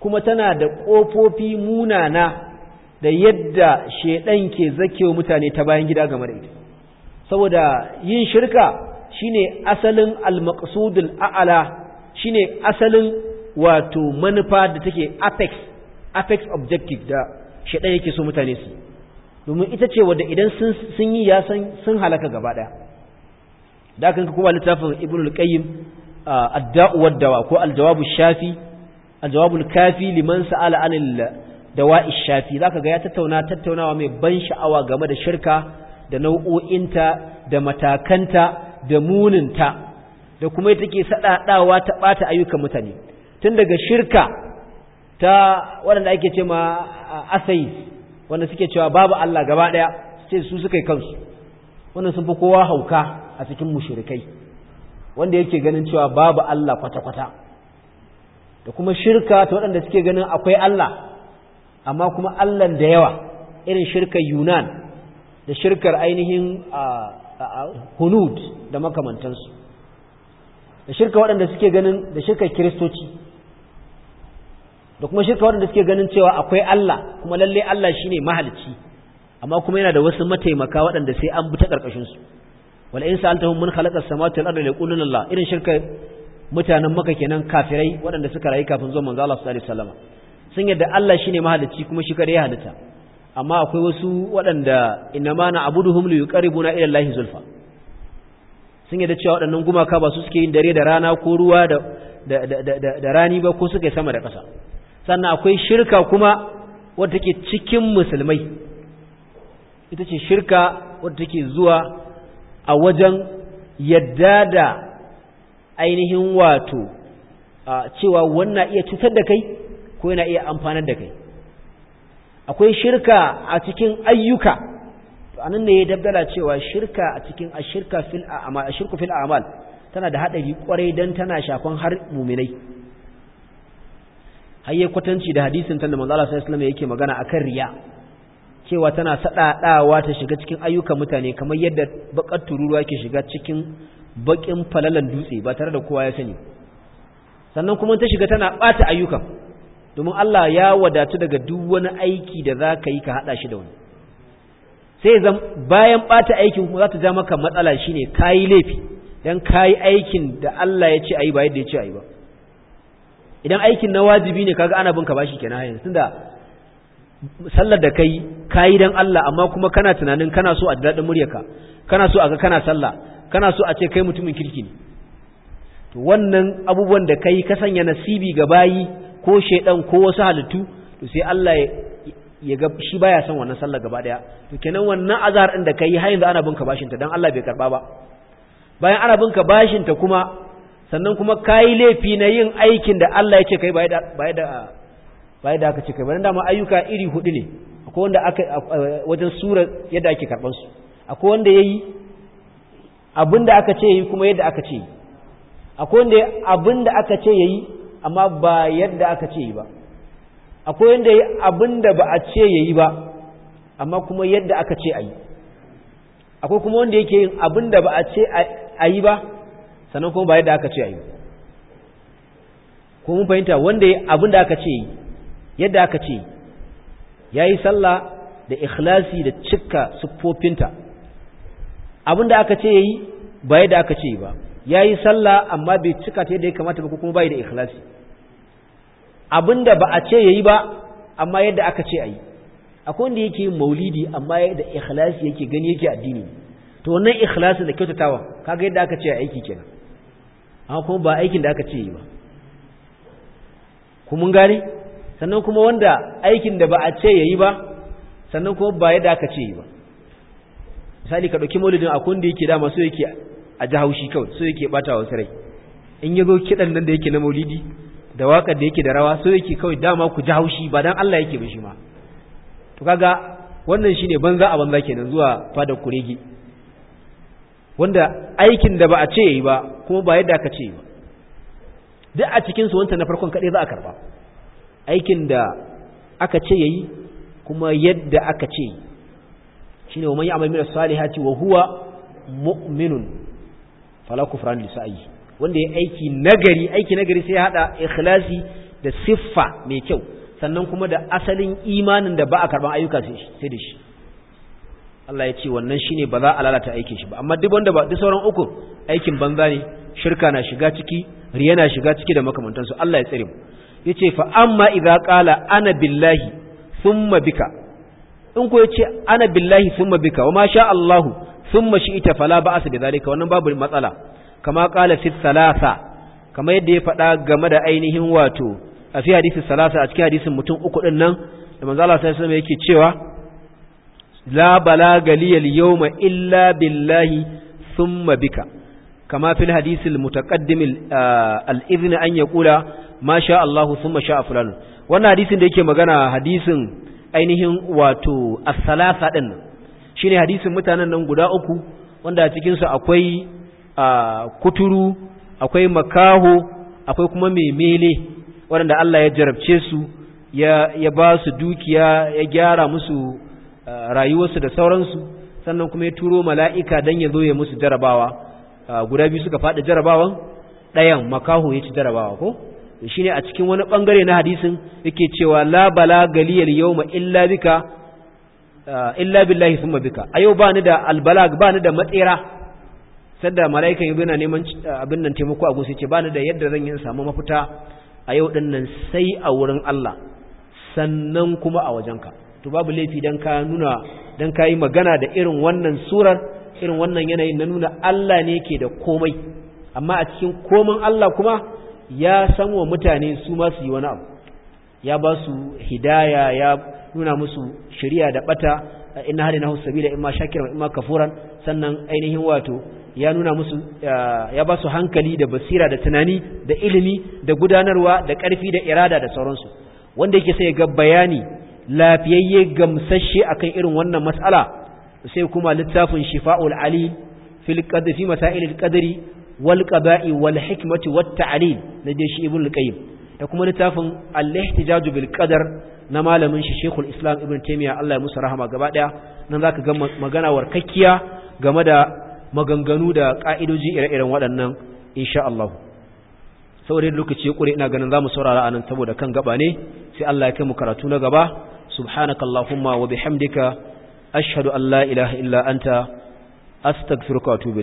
A: kuma tana da kofofi munana da yadda shedan ke zakewa mutane ta bayan gida game da saboda yin shirka shine asalin al-maqsudul a'la shine asalin wato manufa da take apex apex objective da shedan yake so mutane su domin ita ce wadda idan sun yi ya san sun halaka gaba daya da kanka kuma littafin ibnul qayyim ad-da'u wad-dawa ko al-jawabu shafi al-jawabu al-kafi liman sa'ala anil da wa'is shafi zaka ga ya tattauna tattaunawa mai ban sha'awa game da shirka da nau'o'inta da matakanta da muninta da kuma ita ke saɗaɗawa ta ɓata ayyukan mutane tun daga shirka ta waɗanda ake ce ma asai wanda suke cewa babu Allah gaba ɗaya sai su suka yi kansu wannan sun fi kowa hauka a cikin mushrikai wanda yake ganin cewa babu Allah kwata-kwata da kuma shirka ta waɗanda suke ganin akwai Allah amma kuma allan da yawa irin shirkar yunan da shirkar ainihin hunud da makamantansu da shirka waɗanda suke ganin da shirkar kiristoci da kuma shirka waɗanda suke ganin cewa akwai allah kuma lalle allah shine mahalci amma kuma yana da wasu mataimaka waɗanda sai an bi ta ƙarƙashinsu wala in sa'altahum man khalaqa as-samawati wal arda yaquluna allah irin shirka mutanen maka kenan kafirai waɗanda suka rayu kafin zuwa manzo Allah sallallahu alaihi wasallam sun yadda Allah shine mahalicci kuma shi kare ya halitta amma akwai wasu waɗanda inama na abuduhum li yuqarribuna ila lahi zulfa sun yadda cewa waɗannan gumaka ba su suke yin dare da rana ko ruwa da rani ba ko suke sama da ƙasa sannan akwai shirka kuma wadda take cikin musulmai ita ce shirka wadda take zuwa a wajen yadda da ainihin wato cewa wannan iya cutar da kai ko yana iya amfanar da kai akwai shirka a cikin ayyuka to anan ne ya dabdala cewa shirka a cikin ashirka fil a'mal ashirku fil a'mal tana da hadari kwarai dan tana shafan har mu'minai hayya kwatanci da hadisin tanda manzo Allah sallallahu alaihi yake magana akan riya cewa tana sadadawa ta shiga cikin ayyukan mutane kamar yadda bakar tururuwa ke shiga cikin bakin falalan dutse ba tare da kowa ya sani sannan kuma ta shiga tana bata ayyukan domin Allah ya wadatu daga duk wani aiki da za ka yi ka haɗa shi da wani sai zan bayan ɓata aikin kuma za ta ja maka matsala shi ne ka yi laifi don ka yi aikin da Allah ya ce a yi ba yadda ya ce a yi ba idan aikin na wajibi ne kaga ana binka bashi kenan yanzu tunda sallar da kai ka yi don Allah amma kuma kana tunanin kana so a daɗin muryarka kana so a ga kana sallah kana so a ce kai mutumin kirki ne wannan abubuwan da kai ka sanya nasibi ga bayi ko shaidan ko wasu halittu to sai Allah ya ga shi baya son wannan sallar gaba daya to kenan wannan azhar din da kai har yanzu ana binka bashin ta dan Allah bai karba ba bayan ana binka bashin ta kuma sannan kuma kai laifi na yin aikin da Allah ya ce kai bai da bai da bai da aka ce kai ba ma ayyuka iri hudu ne akwai wanda aka wajen sura yadda ake karban su akwai wanda yayi abinda aka ce yi kuma yadda aka ce yi akwai wanda abinda aka ce yayi amma ba yadda aka ce yi ba akwai yadda yi abin da ba a ce ya yi ba amma kuma yadda aka ce a yi akwai kuma wanda yake yin abin da ba a ce a yi ba sannan kuma ba yadda aka ce a yi ko mun fahimta wanda yi abin da aka ce yi yadda aka ce ya yi sallah da ikhlasi da cika siffofinta abin da aka ce ya yi ba yadda aka ce yi ba ya yi sallah amma bai cika ta yadda ya kamata ba kuma bai da ikhlasi abinda ba a ce yayi ba amma yadda aka ce ayi akwai wanda yake yin maulidi amma yadda ikhlasi yake gani yake addini to wannan ikhlasi da kyautatawa kaga yadda aka ce aiki kenan amma kuma ba aikin da aka ce yi ba ku mun gane sannan kuma wanda aikin da ba a ce yayi ba sannan kuma ba yadda aka ce yi ba misali ka dauki maulidin akwai wanda yake dama so yake a ji haushi kawai so yake bata wasu rai in yago kidan nan da yake na maulidi da waka da yake da rawa so yake kawai dama ku ji haushi ba dan Allah yake ba shi ma to kaga wannan shine banza a banza kenan zuwa fada kurege wanda aikin da ba a ce yi ba kuma ba yadda aka ce ba duk a cikin su wanta na farkon kaɗai za a karba aikin da aka ce yayi kuma yadda aka ce shine wa man ya'mal min as-salihati wa huwa mu'minun fala kufran li wanda ya aiki nagari aiki nagari sai ya hada ikhlasi da siffa mai kyau sannan kuma da asalin imanin da ba a karban ayyuka sai da shi Allah ya ce wannan shine ba za a lalata aikin shi ba amma duk wanda ba duk sauran uku aikin banza ne shirka na shiga ciki riya na shiga ciki da makamantansu Allah ya tsare mu yace fa amma idza qala ana billahi thumma bika in ko yace ana billahi thumma bika wa ma sha Allah thumma ita fala ba'as bi zalika wannan babu matsala kama ƙala fi salasa kama yadda ya faɗa game da ainihin wato a fi hadisi salasa a cikin hadisin mutum uku ɗin nan da manzo Allah sallallahu yake cewa la balaga liyal yawma illa billahi thumma bika kama fil hadisi almutaqaddim al-idhn an yaqula ma sha Allah thumma sha fulan wannan hadisin da yake magana hadisin ainihin wato as-salasa din shine hadisin mutanen nan guda uku wanda a cikin su akwai kuturu akwai makaho akwai kuma mai mele waɗanda Allah ya jarabce su ya ba su dukiya ya gyara musu rayuwarsu da sauransu sannan kuma ya turo mala'ika dan ya zo ya musu jarabawa guda biyu suka faɗi jarabawan ɗayan makaho ya ci jarabawa ko shi a cikin wani ɓangare na hadisin yake cewa la bala galiyar yau ma illa bika illa billahi sun bika a yau ba da albala ba ni da matsera sadda mala'ika yi yana neman eh, abin nan taimako a gusa ce bani da yadda zan yi samu mafita a yau din nan sai a wurin Allah sannan kuma a wajenka to babu laifi dan ka nuna dan ka yi magana da irin wannan surar irin wannan yanayin na nuna Allah ne ke da komai amma a cikin komin Allah kuma ya san wa mutane su ma su yi wani abu ya ba su hidaya ya nuna musu shari'a da bata inna hadina husabila imma shakiran imma kafuran sannan ainihin wato ya nuna musu ya ba su hankali da basira da tunani da ilimi da gudanarwa da ƙarfi da irada da sauransu wanda yake sai ga bayani lafiyayye gamsashe akan irin wannan matsala sai kuma littafin shifa'ul ali fil qadri fi masailil qadri wal qada'i wal hikmati wat ta'lil na dai shi ibn al-qayyim da kuma littafin al-ihtijaj bil qadar na malamin shi shekul islam ibn taymiya Allah ya musu rahama gaba daya nan zaka ga magana warkakkiya game da maganganu da ƙa'idoji ire-iren waɗannan insha Allah saboda lokaci ƙure ina ganin zamu saurara a nan saboda kan gaba ne sai Allah ya kai mu karatu na gaba subhanakallahumma wa bihamdika ashhadu an la ilaha illa anta astaghfiruka wa atubu